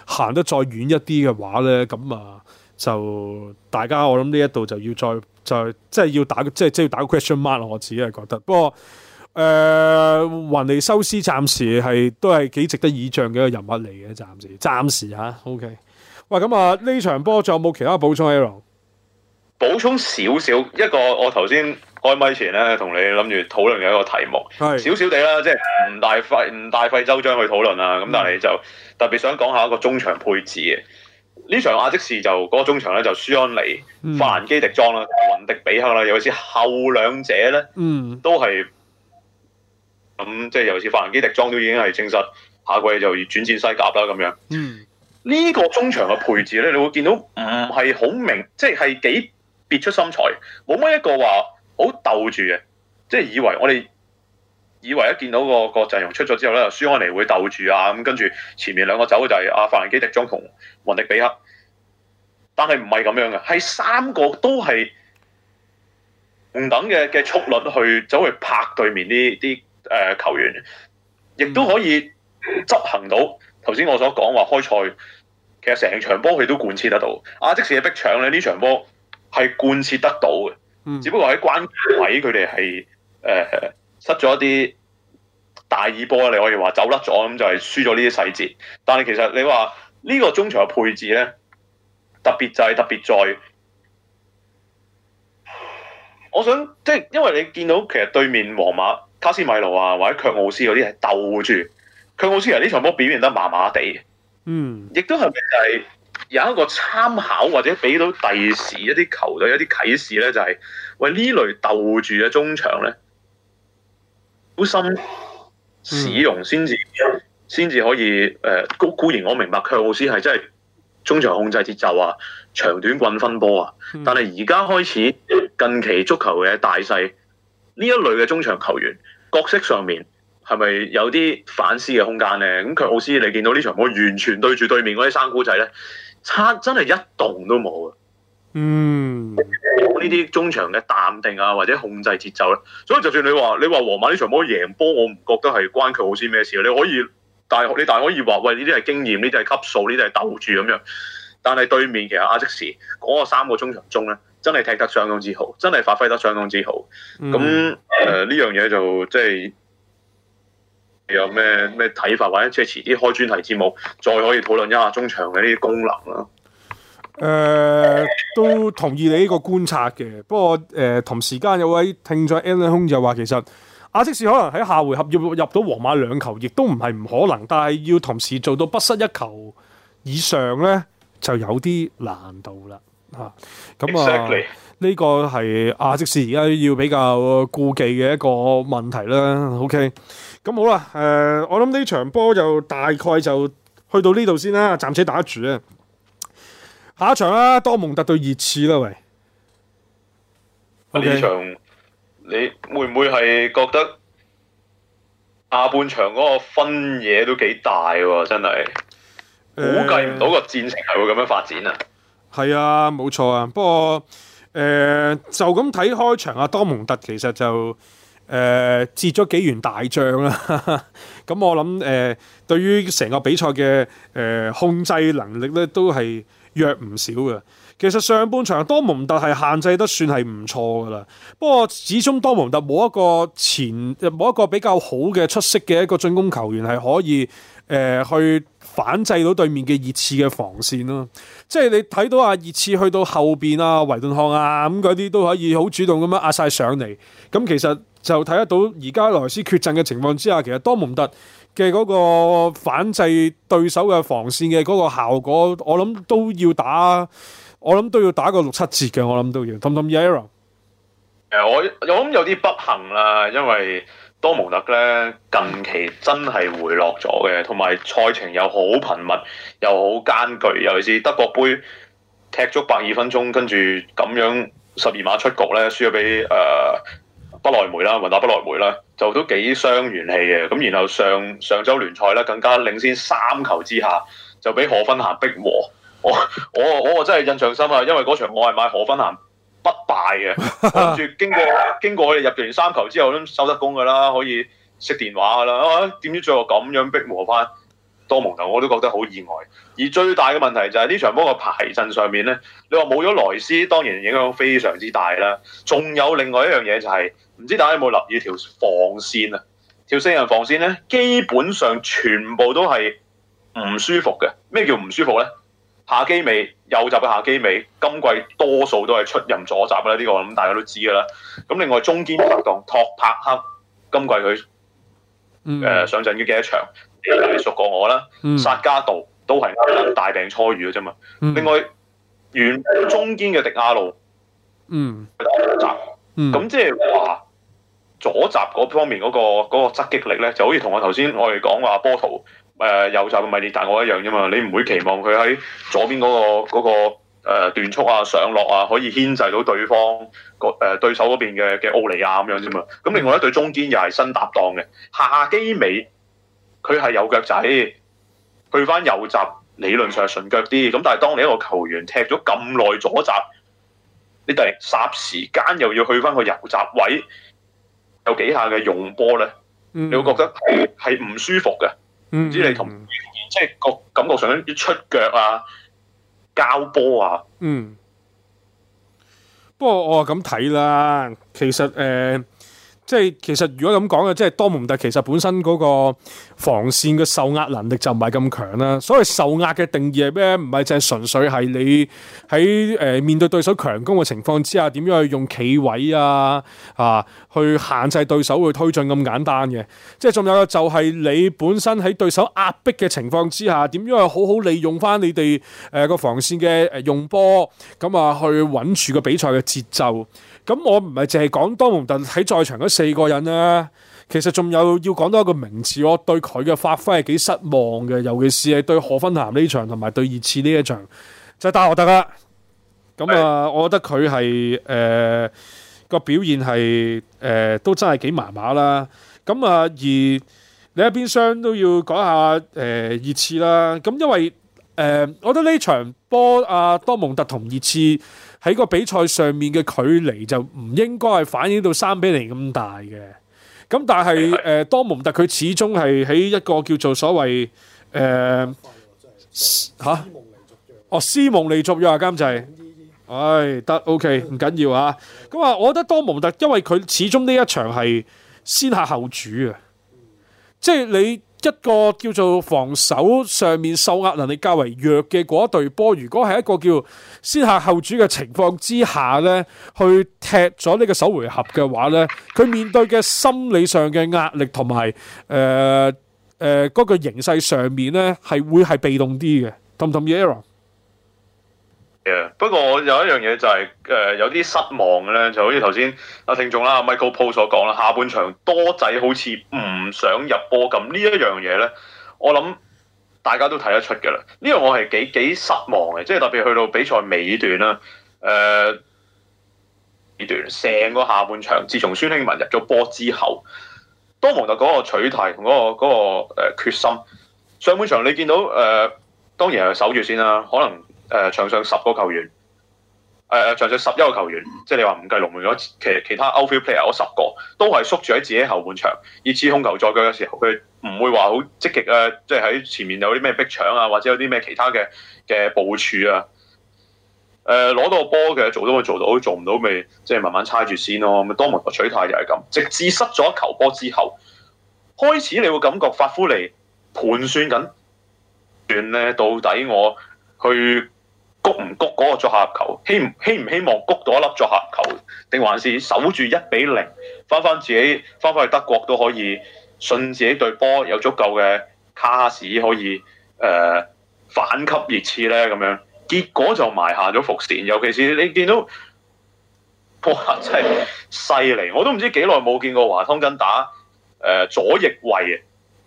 行得再遠一啲嘅話咧？咁啊，就大家我諗呢一度就要再就即係要打，即係即係要打個 question mark 我自己係覺得。不過誒，雲尼修斯暫時係都係幾值得倚仗嘅一個人物嚟嘅。暫時，暫時吓 OK。喂，咁啊，呢場波仲有冇其他補充，Aaron？補充少少一個，一個我頭先開咪前咧，同你諗住討論嘅一個題目，少少地啦，即係唔大費唔大費周章去討論啦。咁、嗯、但係就特別想講下一個中場配置嘅。呢場亞積士就嗰、那個中場咧就舒安尼、法蘭、嗯、基迪莊啦、雲迪比克啦，尤其是後兩者咧，嗯、都係咁、嗯，即係尤其是法蘭基迪莊都已經係證實，下季就要轉戰西甲啦咁樣。呢、嗯、個中場嘅配置咧，你會見到唔係好明，啊、即係幾。跌出心裁，冇乜一個話好鬥住嘅，即係以為我哋以為一見到、個個陣、個、容出咗之後咧，舒安尼會鬥住啊，咁跟住前面兩個走嘅就係阿、啊、法蘭基迪、莊同雲迪比克，但係唔係咁樣嘅，係三個都係唔等嘅嘅速率去走去拍對面啲啲誒球員，亦都可以執行到頭先我所講話開賽，其實成場波佢都貫徹得到，啊，即使係逼搶咧呢場波。係貫徹得到嘅，只不過喺關鍵位佢哋係誒失咗一啲大耳波，你可以話走甩咗咁，就係、係、輸咗呢啲細節。但係其實你話呢、呢個中場嘅配置咧，特別就係特別在，我想即係因為你見到其實對面皇馬卡斯米魯啊或者卻奧斯嗰啲係鬥住卻奧斯，其實呢場波表現得麻麻地，嗯、就係，亦都係係。有一個參考或者俾到第時一啲球隊一啲啟示咧，就係、是、喂呢類鬥住嘅中場咧，好小心使用先至，先至可以誒。固、呃、固然我明白佢奧斯係真係中場控制節奏啊、長短棍分波啊，但係而家開始近期足球嘅大勢，呢一類嘅中場球員角色上面係咪有啲反思嘅空間咧？咁佢奧斯你見到呢場波完全對住對面嗰啲生蠔仔咧，差真係一動都冇嘅，嗯，呢啲中場嘅淡定啊，或者控制節奏咧，所以就算你話你話皇馬呢場波贏波，我唔覺得係關佢好似咩事啊！你可以大，但係你大可以話，喂，呢啲係經驗，呢啲係級數，呢啲係鬥住咁樣。但係對面其實阿即時嗰、那個三個中場中咧，真係踢得相當之好，真係發揮得相當之好。咁誒呢樣嘢就即係。有咩咩睇法，或者即係遲啲開專題節目，再可以討論一下中場嘅呢啲功能啦。誒、呃，都同意你呢個觀察嘅。不過誒、呃，同時間有位聽眾 Alan 兄就話，其實阿積士可能喺下回合要入到皇馬兩球，亦都唔係唔可能。但係要同時做到不失一球以上咧，就有啲難度啦。吓咁啊，呢、啊、Exactly. 個係阿積士而家要比較顧忌嘅一個問題啦。OK。咁好啦，誒、呃，我諗呢場波就大概就去到呢度先啦，暫且打住啊。下一場啦、啊，多蒙特對熱刺啦，喂！呢 Okay,、啊、場你會唔會係覺得下半場嗰個分野都幾大喎、啊？真係、呃、估計唔到個戰情係會咁樣發展啊！係啊，冇錯啊。不過誒、呃，就咁睇開場，啊多蒙特其實就～誒折咗幾員大將啦，咁我諗誒、呃、對於成個比賽嘅誒控制能力咧都係弱唔少嘅。其實上半場多蒙特係限制得算係唔錯㗎啦，不過始終多蒙特冇一個前冇一個比較好嘅出色嘅一個進攻球員係可以誒、呃、去。反制到對面嘅熱刺嘅防線咯，即係你睇到阿熱刺去到後邊啊，維頓漢啊咁嗰啲都可以好主動咁樣壓晒上嚟。咁其實就睇得到而家萊斯缺陣嘅情況之下，其實多蒙特嘅嗰個反制對手嘅防線嘅嗰個效果，我諗都要打，我諗都要打個六七折嘅，我諗都要。t o m 冧冧 Era。誒，我我諗有啲不幸啦，因為。多蒙特咧近期真係回落咗嘅，同埋賽程又好頻密，又好艱巨，尤其是德國杯踢足百二分鐘，跟住咁樣十二碼出局咧，輸咗俾誒不萊梅啦，雲達不萊梅啦，就都幾傷元氣嘅。咁然後上上週聯賽咧，更加領先三球之下，就俾荷芬咸逼和。我我我真係印象深啊，因為嗰場我係買荷芬咸。不敗嘅，跟住經過經過我哋入完三球之後，都收得工噶啦，可以熄電話噶啦，點、啊、知最後咁樣逼和翻多蒙特，我都覺得好意外。而最大嘅問題就係、是、呢場波個排陣上面咧，你話冇咗萊斯，當然影響非常之大啦。仲有另外一樣嘢就係、是，唔知大家有冇留意條防線啊？條四人防線咧，基本上全部都係唔舒服嘅。咩叫唔舒服咧？夏基美，右閘嘅夏基美，今季多數都係出任左閘啦，呢、這個咁大家都知嘅啦。咁另外中堅拍檔托帕克，今季佢誒、呃、上陣於幾多場？你、嗯、熟過我啦。薩加道都係大病初愈嘅啫嘛。嗯、另外原本中堅嘅迪亞路，嗯，左閘，咁即係話左閘嗰方面嗰、那個嗰、那個側擊力咧，就好似同我頭先我哋講話波圖。誒、呃，右閘嘅米利，但我一樣啫嘛。你唔會期望佢喺左邊嗰、那個嗰、那個誒斷、呃、速啊上落啊，可以牽制到對方個誒、呃、對手嗰邊嘅嘅奧利亞咁樣啫嘛。咁另外一對中堅又係新搭檔嘅下基尾，佢係右腳仔，去翻右閘理論上係順腳啲。咁但係當你一個球員踢咗咁耐左閘，你突然霎時間又要去翻個右閘位，有幾下嘅用波咧，你會覺得係唔舒服嘅。唔、嗯、知你同、嗯、即係個感覺上一啲出腳啊，交波啊，嗯。不過我咁睇啦，其實誒。呃即係其實如果咁講嘅，即係多蒙特其實本身嗰個防線嘅受壓能力就唔係咁強啦。所謂受壓嘅定義係咩？唔係淨係純粹係你喺誒面對對手強攻嘅情況之下，點樣去用企位啊啊，去限制對手去推進咁簡單嘅。即係仲有就係你本身喺對手壓迫嘅情況之下，點樣去好好利用翻你哋誒個防線嘅誒用波咁啊去穩住個比賽嘅節奏。咁我唔係淨係講多蒙特喺在，在場嗰四個人啦，其實仲有要講多一個名字，我對佢嘅發揮係幾失望嘅，尤其是係對賀芬咸呢場同埋對熱刺呢一場，就係大學德啦。咁的啊，我覺得佢係誒個表現係誒、呃、都真係幾麻麻啦。咁、呃、啊，而你一邊廂都要講下誒、呃、熱刺啦。咁因為誒、呃，我覺得呢場波阿、啊、多蒙特同熱刺。喺個比賽上面嘅距離就唔應該係反映到三比零咁大嘅，咁但係誒、嗯呃、多蒙特佢始終係喺一個叫做所謂誒嚇哦斯蒙尼續約啊監製，唉得 OK 唔緊要啊，咁啊、嗯、我覺得多蒙特因為佢始終呢一場係先客後主啊，嗯、即係你。一個叫做防守上面受壓能力較為弱嘅嗰一隊波，如果係一個叫先客後主嘅情況之下咧，去踢咗呢個首回合嘅話咧，佢面對嘅心理上嘅壓力同埋誒誒嗰個形勢上面咧，係會係被動啲嘅。同唔同意 Aaron？誒，yeah, 不過有一樣嘢就係、是、誒、呃，有啲失望嘅咧，就好似頭先阿聽眾啦，Michael Po 所講啦，下半場多仔好似唔想入波咁，這東西呢一樣嘢咧，我諗大家都睇得出嘅啦。呢個我係幾幾失望嘅，即係特別去到比賽尾段啦，誒、呃，呢段成個下半場，自從孫興文入咗波之後，多蒙特嗰個取題同嗰個嗰、那個誒決心，上半場你見到誒、呃，當然係守住先啦，可能。誒、呃、場上十個球員，誒、呃、誒場上十一個球員，嗯、即係你話唔計龍門嗰其其他 outfield player 嗰十個，都係縮住喺自己後半場，以至控球在腳嘅時候，佢唔會話好積極啊！即、就、喺、是、前面有啲咩逼搶啊，或者有啲咩其他嘅嘅部署啊？攞、呃、到波嘅做到可做到，做唔到咪即係慢慢猜住先咯。多蒙特取態就係咁，直至失咗球波之後，開始你會感覺法夫利盤算緊，算咧到底我去。谷唔谷嗰個作客球，希唔希唔希望谷到一粒作客球，定還是守住一比零，翻翻自己，翻翻去德國都可，可以，信自己隊波有足夠嘅卡士可以誒反擊熱刺咧咁樣。結果就埋下咗伏線，尤其是你見到，哇真係犀利！我都唔知幾耐冇見過華通根打誒、呃、左翼位啊，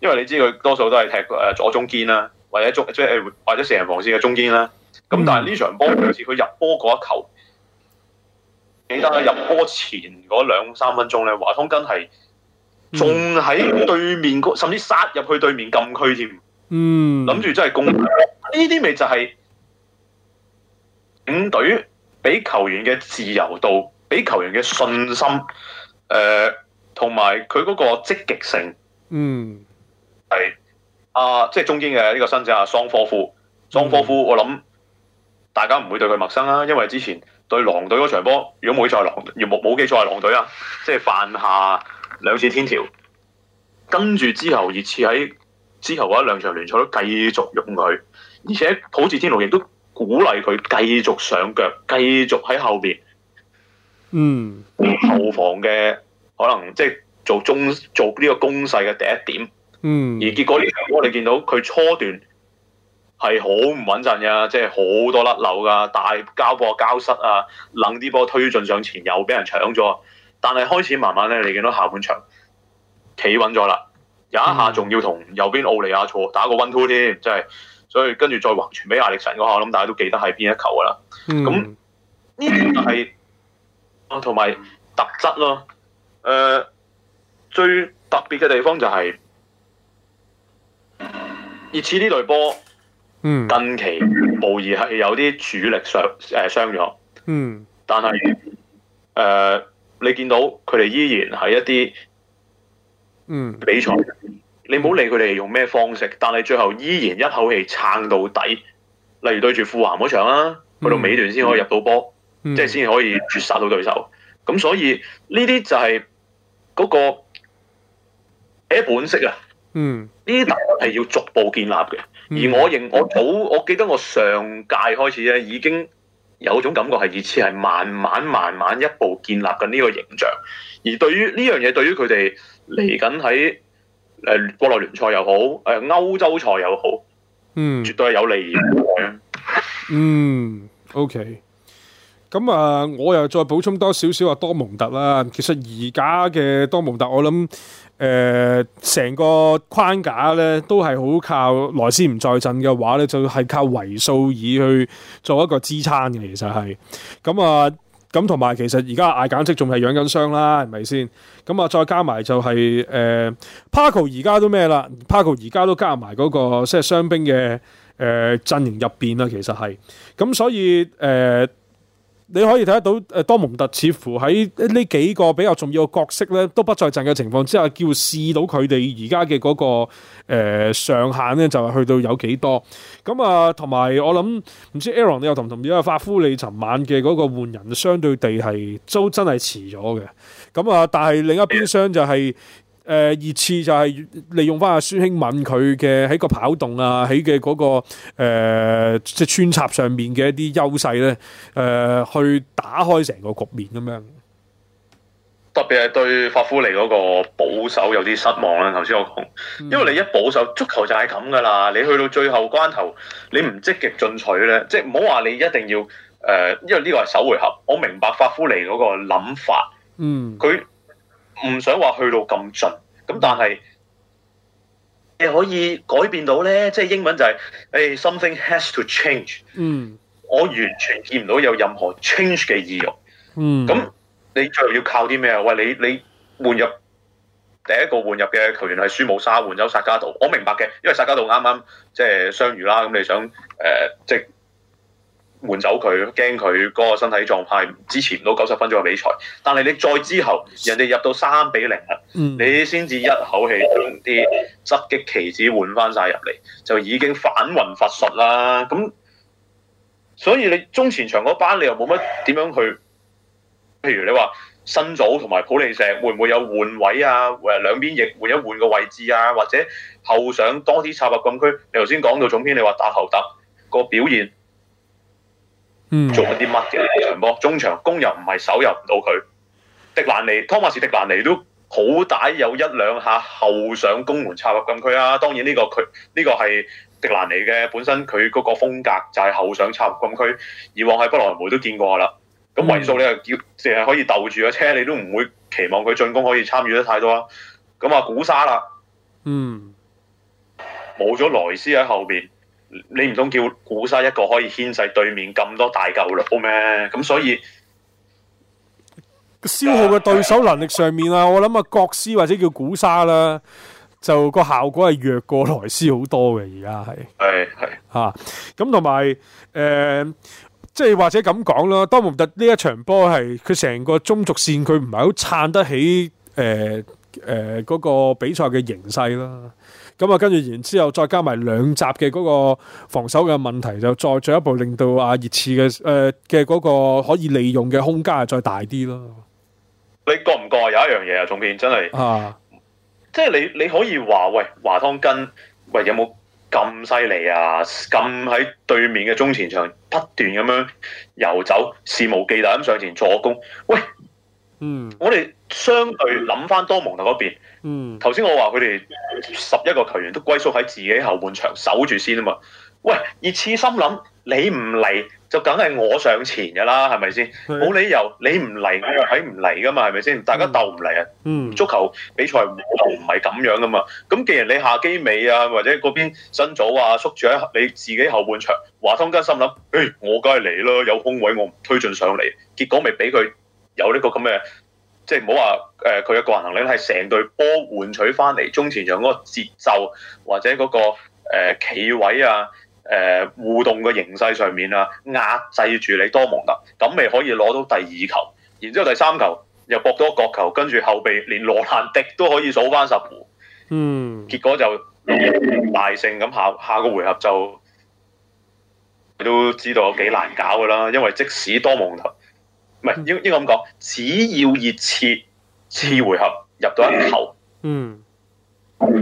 因為你知佢多數都係踢誒、呃、左中堅啦，或者中即係或者四人防線嘅中堅啦。咁、嗯、但係呢場波，好似佢入波嗰一球，記得入波前嗰兩三分鐘咧，華通根係仲喺對面，嗯嗯、甚至殺入去對面禁區添。嗯，諗住真係攻。呢啲咪就係領隊俾球員嘅自由度，俾球員嘅信心，誒、呃，同埋佢嗰個積極性。嗯，係啊，即、就、係、是、中堅嘅呢個新仔阿桑科夫，桑科夫，我諗、嗯。大家唔會對佢陌生啊，因為之前對狼隊嗰場波，如果冇記錯係狼，冇記錯係狼隊啊，即係犯下兩次天條。跟住之後次，熱刺喺之後嗰一兩場聯賽都繼續用佢，而且普捷天奴亦都鼓勵佢繼續上腳，繼續喺後邊。嗯，後防嘅可能即係做中做呢個攻勢嘅第一點。嗯，而結果呢場波，你哋見到佢初段，係好唔穩陣呀，即係好多甩漏噶，大交波交失啊，冷啲波推進上前又俾人搶咗。但係開始慢慢咧，你見到下半場企穩咗啦，有一下仲要同右邊奧利亞錯打個 one two 添，即係。所以跟住再橫傳俾亞歷臣嗰下，我諗大家都記得係邊一球啦。咁呢啲就係同埋特質咯。誒、呃，最特別嘅地方就係熱刺呢隊波。嗯、近期無疑係有啲主力傷誒傷咗，呃嗯、但係誒、呃、你見到佢哋依然係一啲嗯比賽，你唔好理佢哋用咩方式，但係最後依然一口氣撐到底。例如對住富咸嗰場啊，去到尾段先可以入到波，即係先可以絕殺到對手。咁所以呢啲就係嗰個啲本色啊。嗯，呢啲係要逐步建立嘅。嗯、而我認，我早，我記得我上屆開始咧，已經有種感覺係，似係慢慢、慢慢一步建立緊呢個形象。而對於呢樣嘢，對於佢哋嚟緊喺誒國內聯賽又好，誒、呃、歐洲賽又好，嗯，絕對係有利。嗯，OK。咁啊，我又再補充多少少啊多蒙特啦。其實而家嘅多蒙特，我諗。誒成、呃、個框架咧都係好靠萊斯唔再陣嘅話咧，就係、是、靠維素爾去做一個支撐嘅。其實係咁、嗯、啊，咁同埋其實而家嗌簡直仲係養緊傷啦，係咪先？咁、嗯、啊，再加埋就係誒 Parco 而家都咩啦？Parco 而家都加埋嗰、那個即係傷兵嘅誒、呃、陣營入邊啦。其實係咁、嗯，所以誒。呃你可以睇得到，多蒙特似乎喺呢幾個比較重要嘅角色咧都不在陣嘅情況之下，叫試到佢哋而家嘅嗰個、呃、上限咧就係去到有幾多。咁啊，同埋我諗唔知 Aaron 你又同唔同意啊？法夫你尋晚嘅嗰個換人相對地係都真係遲咗嘅。咁啊，但係另一邊廂就係、是。誒，二次就係利用返阿孫興敏佢嘅喺個跑動啊，喺嘅嗰個即係、呃、穿插上面嘅一啲優勢咧，誒、呃、去打開成個局面咁樣。特別係對法夫尼嗰個保守有啲失望啦，頭先我講，因為你一保守足球就係咁㗎啦，你去到最後關頭，你唔積極進取咧，即係唔好話你一定要誒、呃，因為呢個係首回合，我明白法夫尼嗰個諗法，嗯，佢唔想話去到咁盡，咁但係你可以改變到咧，即係英文就係、誒、something has to change。嗯，我完全見唔到有任何 change 嘅意欲。嗯，咁你最後要靠啲咩啊？喂，你你換入第一個換入嘅球員係舒姆沙，換走沙加道。我明白嘅，因為沙加道啱啱即係傷愈啦，咁你想呃、即係換走佢，驚佢嗰個身體狀態支持唔到九十分鐘嘅比賽。但係你再之後，人哋入到三比零啦，嗯、你先至一口氣將啲側擊棋子換翻曬入嚟，就已經反魂乏術啦。咁所以你中前場嗰班，你又冇乜點樣去？譬如你話新組同埋普利社會唔會有換位啊？誒，兩邊亦換一換個位置啊？或者後上多啲插入禁區？你頭先講到總編，你話打後突個表現。嗯、做緊啲乜嘅？場波中場攻又唔係手入唔到佢，迪蘭尼、托馬士、迪蘭尼都好歹有一兩下後上攻門插入禁區啊！當然呢、呢個佢呢、呢個係迪蘭尼嘅本身佢嗰個風格就係後上插入禁區，以往喺不萊梅都見過啦。咁韋素你又叫淨係可以鬥住個車，你都唔會期望佢進攻可以參與得太多啊！咁啊，古沙啦，嗯，冇咗萊斯喺後邊。你唔通叫古沙一個可以牽制對面咁多大舊嘞？咩咁所以消耗嘅對手能力上面啊，我諗啊，國師或者叫古沙啦，就個效果係弱過萊斯好多嘅。而家係係係吓咁，同埋誒，即係或者咁講啦。多蒙特呢一場波係佢成個中軸線，佢唔係好撐得起誒誒嗰個比賽嘅形勢啦。咁啊，跟住然之後，再加埋兩集嘅嗰個防守嘅問題，就再進一步令到阿熱刺嘅誒嘅嗰個可以利用嘅空間係再大啲咯。你覺唔覺有一樣嘢啊？總結真係啊，即係你你可以話喂華湯根，喂有冇咁犀利啊？咁喺對面嘅中前場不斷咁樣遊走，肆無忌憚咁上前助攻。喂，嗯，我哋相對諗翻多蒙特嗰邊。嗯，頭先我話佢哋十一個球員都歸縮喺自己後半場守住先啊嘛。喂，熱刺心諗你唔嚟就梗係我上前㗎啦，係咪先？冇是理由你唔嚟我又睇唔嚟㗎嘛，係咪先？大家鬥唔嚟啊？嗯，足球比賽唔係咁樣㗎嘛。咁既然你下基尾啊，或者嗰邊新組啊，縮住喺你自己後半場，華通家心諗，誒、哎、我梗係嚟啦，有空位我唔推進上嚟，結果咪俾佢有呢、這個咁嘅。這樣的即係唔好話誒，佢嘅個人能力係成隊波換取翻嚟，中前場嗰個節奏或者嗰、嗰個企、呃、位啊、誒、呃、互動嘅形勢上面啊，壓制住你多蒙特，咁咪可以攞到第二球。然之後第三球又搏多個角球，跟住後備連羅蘭迪都可以數翻十，嗯，結果就大勝咁。下下個回合就你都知道有幾難搞噶啦，因為即使多蒙特。唔係應應該咁講，只要熱刺次回合入到一球，嗯，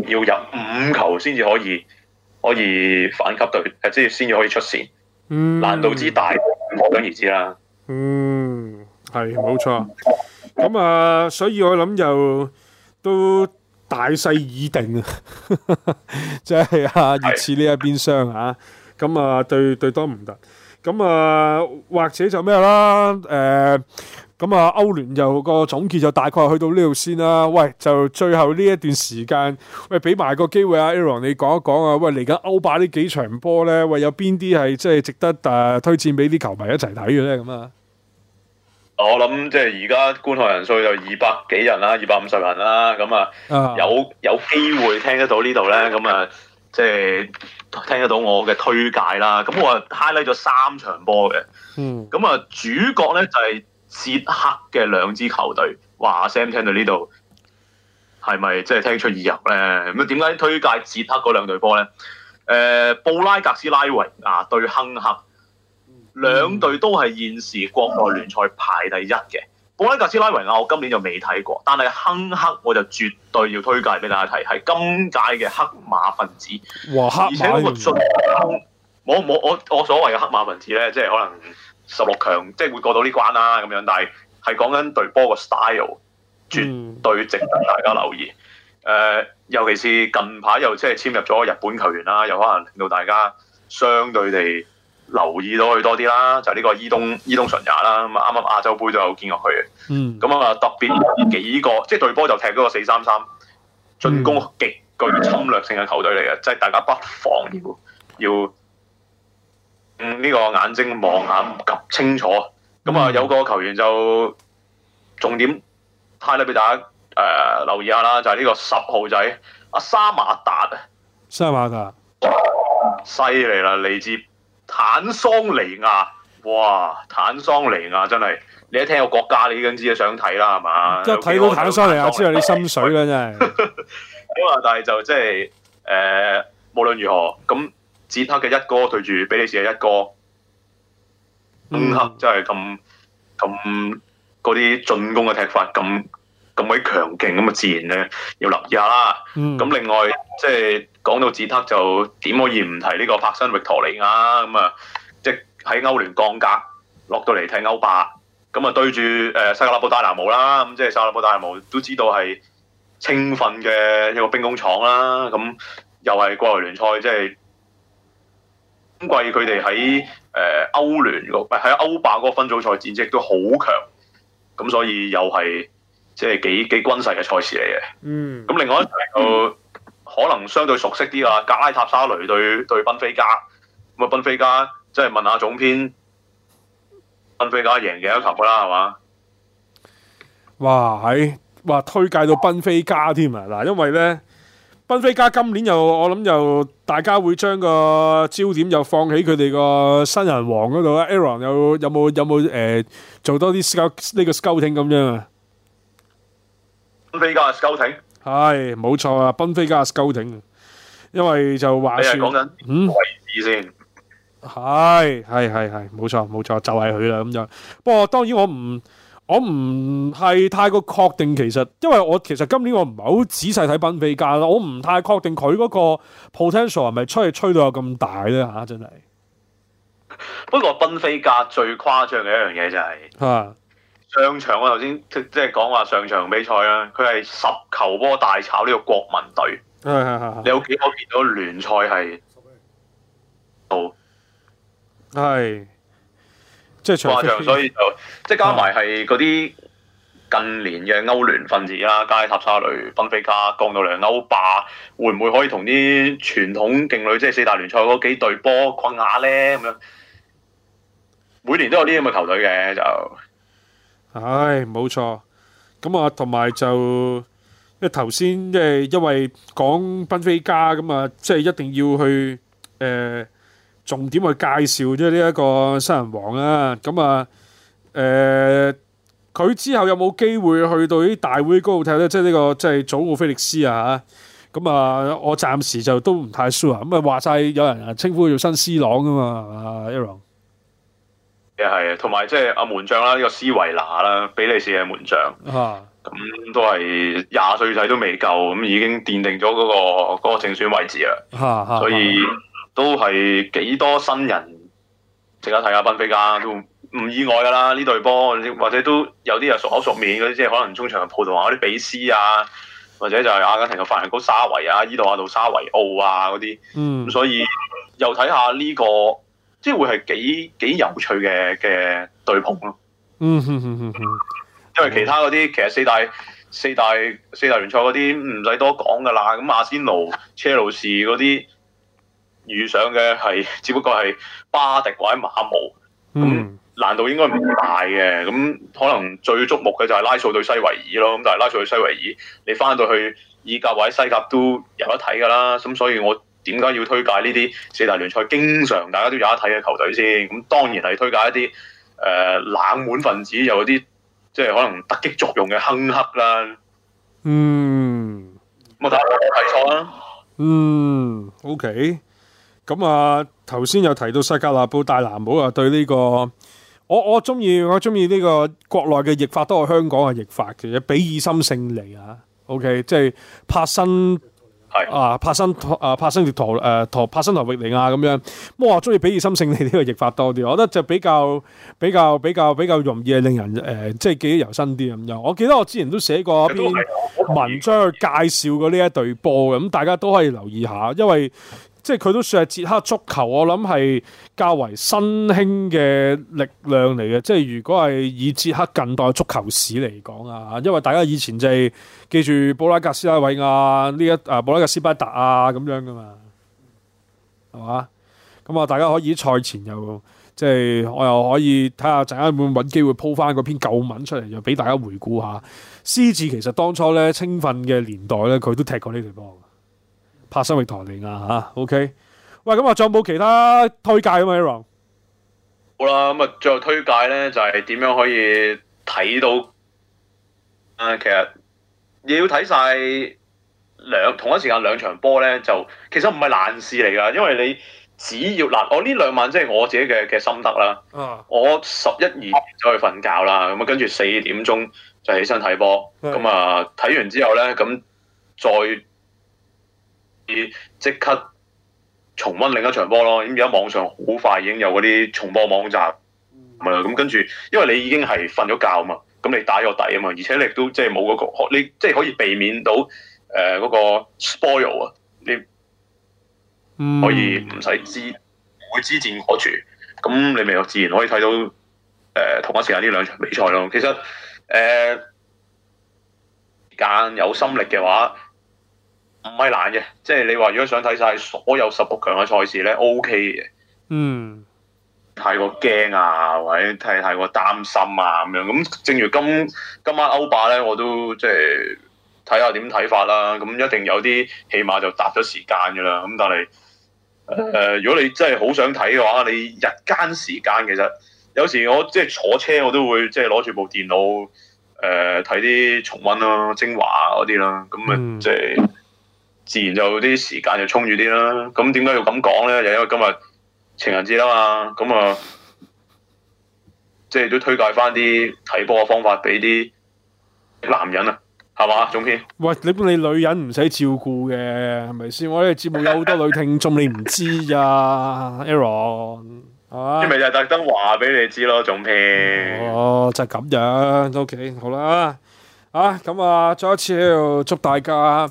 要入五球先至可以可以反擊，對，係即係先至可以出線。嗯，難度之大可想而知啦。嗯，係冇錯。咁啊，所以我諗又都大勢已定，即係阿熱刺呢一邊廂是啊。咁啊，對對多唔得。咁啊，或者就咩啦？誒、呃，咁啊，歐聯又個總結就大概去到呢度先啦。喂，就最後呢一段時間，喂，俾埋個機會啊，Aaron，你講一講啊。喂，嚟緊歐霸呢幾場波咧，喂，有邊啲係即係值得誒、呃、推薦俾啲球迷一齊睇嘅咧？咁啊，我諗即係而家觀看人數有二百幾人啦，二百五十人啦。咁啊，啊有有機會聽得到呢度咧？咁啊，即係。聽得到我嘅推介啦，咁我 highlight 咗三場波嘅，咁啊主角咧就係捷克嘅兩支球隊。話阿 Sam 聽到呢度係咪即係聽出耳油咧？咁點解推介捷克嗰兩隊波咧？誒、呃，布拉格斯拉維亞對亨克，兩隊都係現時國內聯賽排第一嘅。布拉格斯拉維亞我今年就未睇過，但係亨克我就絕對要推介俾大家睇，係今屆嘅黑馬分子。哇啊、而且個我個進我我，我所謂嘅黑馬分子咧，即、就、係、是、可能十六強即係、就是、會過到呢關啦咁樣，但係係講緊隊波個 style，絕對值得大家留意。誒、嗯呃，尤其是近排又即係簽入咗日本球員啦，又可能令到大家相對地，留意到佢多啲啦，就係、是、呢個伊東伊東純也啦，咁啊啱啱亞洲杯都有見過佢嘅。咁啊、嗯、特別幾個，即係對波就踢嗰個四三三，進攻極具侵略性嘅球隊嚟嘅，即係、嗯、大家不妨要要呢個眼睛望眼及清楚。咁啊、嗯、有個球員就重點睇咧俾大家誒、呃、留意下啦，就係、是、呢個十號仔阿沙馬達啊，沙馬達犀利啦，嚟自坦桑尼亞，哇！坦桑尼亞真係，你一聽個國家，你已經知想睇啦，係嘛？即係睇到坦桑尼亞，知道你心水㗎對，真係的。咁啊， (laughs) 但係就即係，誒、呃，無論如何，咁捷克嘅一哥對住比利時嘅一哥，亨克真係咁咁嗰啲進攻嘅踢法，咁咁鬼強勁，咁啊自然咧要留意下啦。咁、嗯、另外即係。就是講到捷克就點可以唔提呢個帕生域陀利亞啊？咁啊，即係喺歐聯降格，落到嚟睇歐霸，咁啊對住誒塞格拉布戴拿姆啦，咁即係塞格拉布戴拿姆都知道係青訓嘅一個兵工廠啦，咁又係國外聯賽，即係今季佢哋喺誒歐聯唔係喺歐霸嗰個分組賽戰績都好強，咁所以又係即係幾幾軍勢嘅賽事嚟嘅。嗯，咁另外一個可能相對熟悉啲啊，格拉塔沙雷對對賓菲加，咁啊賓菲加，即係問下總編，賓菲加贏嘅一球嘅啦，係嘛、哎？哇，喺話推介到賓菲加添啊！嗱，因為咧，賓菲加今年又我諗又大家會將個焦點又放喺佢哋個新人王嗰度啦。Aaron 有有冇有冇誒、呃、做多啲呢 sc 個 scouting 咁樣啊？賓菲加 scouting。係冇錯啊，賓菲加 Scotting，因為就話說嗯，講緊位置先，係係係係冇錯冇錯，就係佢啦咁樣。不過當然我唔我唔係太過確定，其實因為我其實今年我唔係好仔細睇賓菲加啦，我唔太確定佢嗰個 potential 係咪吹嚟吹到有咁大咧吓，真係。不過賓菲加最誇張嘅一樣嘢就係、是。啊上場我頭先即即係講話上場比賽啦，佢係十球波大炒呢個國民隊。是是是是你有幾可見到聯賽係？好係是到，即係誇張，所以就即係加埋係嗰啲近年嘅歐聯分子啦，啊、加拉塔沙雷、賓菲加、江度良、歐霸，會唔會可以同啲傳統勁旅，即係四大聯賽嗰幾隊波困一下咧？咁樣每年都有啲咁嘅球隊嘅就。唉，冇錯，咁啊，同埋就，因為頭先即係因為講賓菲加咁啊，即係、就是、一定要去誒、呃、重點去介紹即係呢一個新人王啊，咁啊誒，佢、呃、之後有冇機會去到啲大會嗰度睇咧？即、就、呢、是這個即係、就是、祖奧菲力斯啊咁啊，我暫時就都唔太 sure 啊。咁啊，話晒有人稱呼佢做新 C 朗啊嘛，Aaron。誒係啊，同埋即係阿門將啦，呢、這個斯維拿啦，比利時嘅門將，咁、啊嗯、都係廿歲仔都未夠，咁、嗯、已經奠定咗嗰、那個嗰、那個正選位置啦，啊啊、所以都係幾多新人，即刻睇下賓菲加都唔意外噶啦，呢隊波或者都有啲啊熟口熟面嗰啲，即係可能中場嘅葡萄牙嗰啲比斯啊，或者就係阿根廷嘅法人高沙維啊，伊度啊杜沙維奧啊嗰啲，咁、嗯嗯、所以又睇下呢、這個。即係會係幾幾有趣嘅嘅對碰咯，嗯嗯嗯嗯，因為其他嗰啲其實四大四大四大聯賽嗰啲唔使多講㗎啦，咁阿仙奴、車路士嗰啲遇上嘅係只不過係巴迪或者馬毛，咁 (laughs) 難度應該唔大嘅，咁可能最觸目嘅就係拉素對西維爾咯，咁但係拉素對西維爾，你翻到去意甲或者西甲都有得睇㗎啦，咁所以我。點解要推介呢啲四大聯賽經常大家都有得睇嘅球隊先？咁當然係推介一啲誒、呃、冷門分子有，有啲即係可能突擊作用嘅亨克啦。嗯，我睇我睇錯啦。嗯，OK。咁啊，頭先又提到塞格納布大藍帽啊，對呢、這個我我中意我中意呢個國內嘅譯法，都係香港嘅譯法嘅，比爾森勝利啊。OK，即係帕新。啊，帕辛啊，帕森陀，誒，陀帕森台域寧啊，咁樣。不過我中意比爾森勝利呢個譯法多啲，我覺得就比較比較比較比較容易係令人誒、呃，即係記憶猶新啲咁樣。我記得我之前都寫過一篇文章去介紹過呢一隊波嘅，咁大家都可以留意下，因為。即係佢都算係捷克足球，我諗係較為新興嘅力量嚟嘅。即係如果係以捷克近代足球史嚟講啊，因為大家以前就係記住布拉格斯拉維亞呢一啊，布拉格斯巴達啊咁樣噶嘛，係嘛？咁啊，大家可以賽前又即係我又可以睇下，陣間會唔會搵機會鋪翻嗰篇舊文出嚟，又俾大家回顧下。施治其實當初咧，青訓嘅年代咧，佢都踢過呢隊波。發生域台聯啊吓，OK，喂咁啊，仲有冇其他推介啊嘛？Aaron，好啦，咁啊，最後推介咧就係、是、點樣可以睇到？誒、呃，其實你要睇晒兩同一時間兩場波咧，就其實唔係難事嚟噶，因為你只要嗱，我呢兩晚即係我自己嘅嘅心得啦。我十一二點就去瞓覺啦，咁啊，我跟住四點鐘就起身睇波，咁啊的，睇、嗯、完之後咧，咁再。你即刻重溫另一場波咯，咁而家網上好快已經有嗰啲重播網站，係啊，咁跟住，因為你已經係瞓咗覺嘛，咁你打咗底啊嘛，而且你亦都即係冇嗰個，你即係可以避免到誒嗰個 spoil 啊，你可以唔使知會知戰果住，咁你咪自然可以睇到誒、呃、同一時間呢兩場比賽咯。其實誒間、呃、有心力嘅話。唔係難嘅，即係你話如果想睇晒所有十六強嘅賽事咧，O K 嘅。OK、嗯，太過驚啊，或者太太過擔心啊，咁樣。咁正如今今晚歐霸咧，我都即係睇下點睇法啦。咁一定有啲起碼就搭咗時間噶啦。咁但係誒、呃，如果你真係好想睇嘅話，你日間時間其實有時我即係坐車我都會即係攞住部電腦誒睇啲重温囉、啊、精華嗰、啊、啲啦。咁啊，嗯、即係。自然就有啲時間就充裕啲啦。咁點解要咁講咧？就因為今日情人節啊嘛。咁啊，即係都推介翻啲睇波嘅方法俾啲男人啊，係嘛？總編，喂，你你女人唔使照顧嘅，係咪先？我哋節目有好多女聽眾，你唔 (laughs) 知道啊，Aaron。啊，咁咪就特登話俾你知咯，總編。哦，就係、是、咁樣。都 OK，好啦，啊，咁啊，再一次喺度祝大家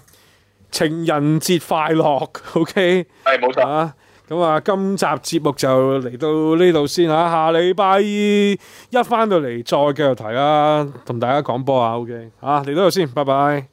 情人節快樂，OK，係冇錯啊！咁啊，今集節目就嚟到呢度先嚇，啊，下禮拜一翻到嚟再繼續睇啦，同大家講波啊，OK，啊嚟到度先，拜拜。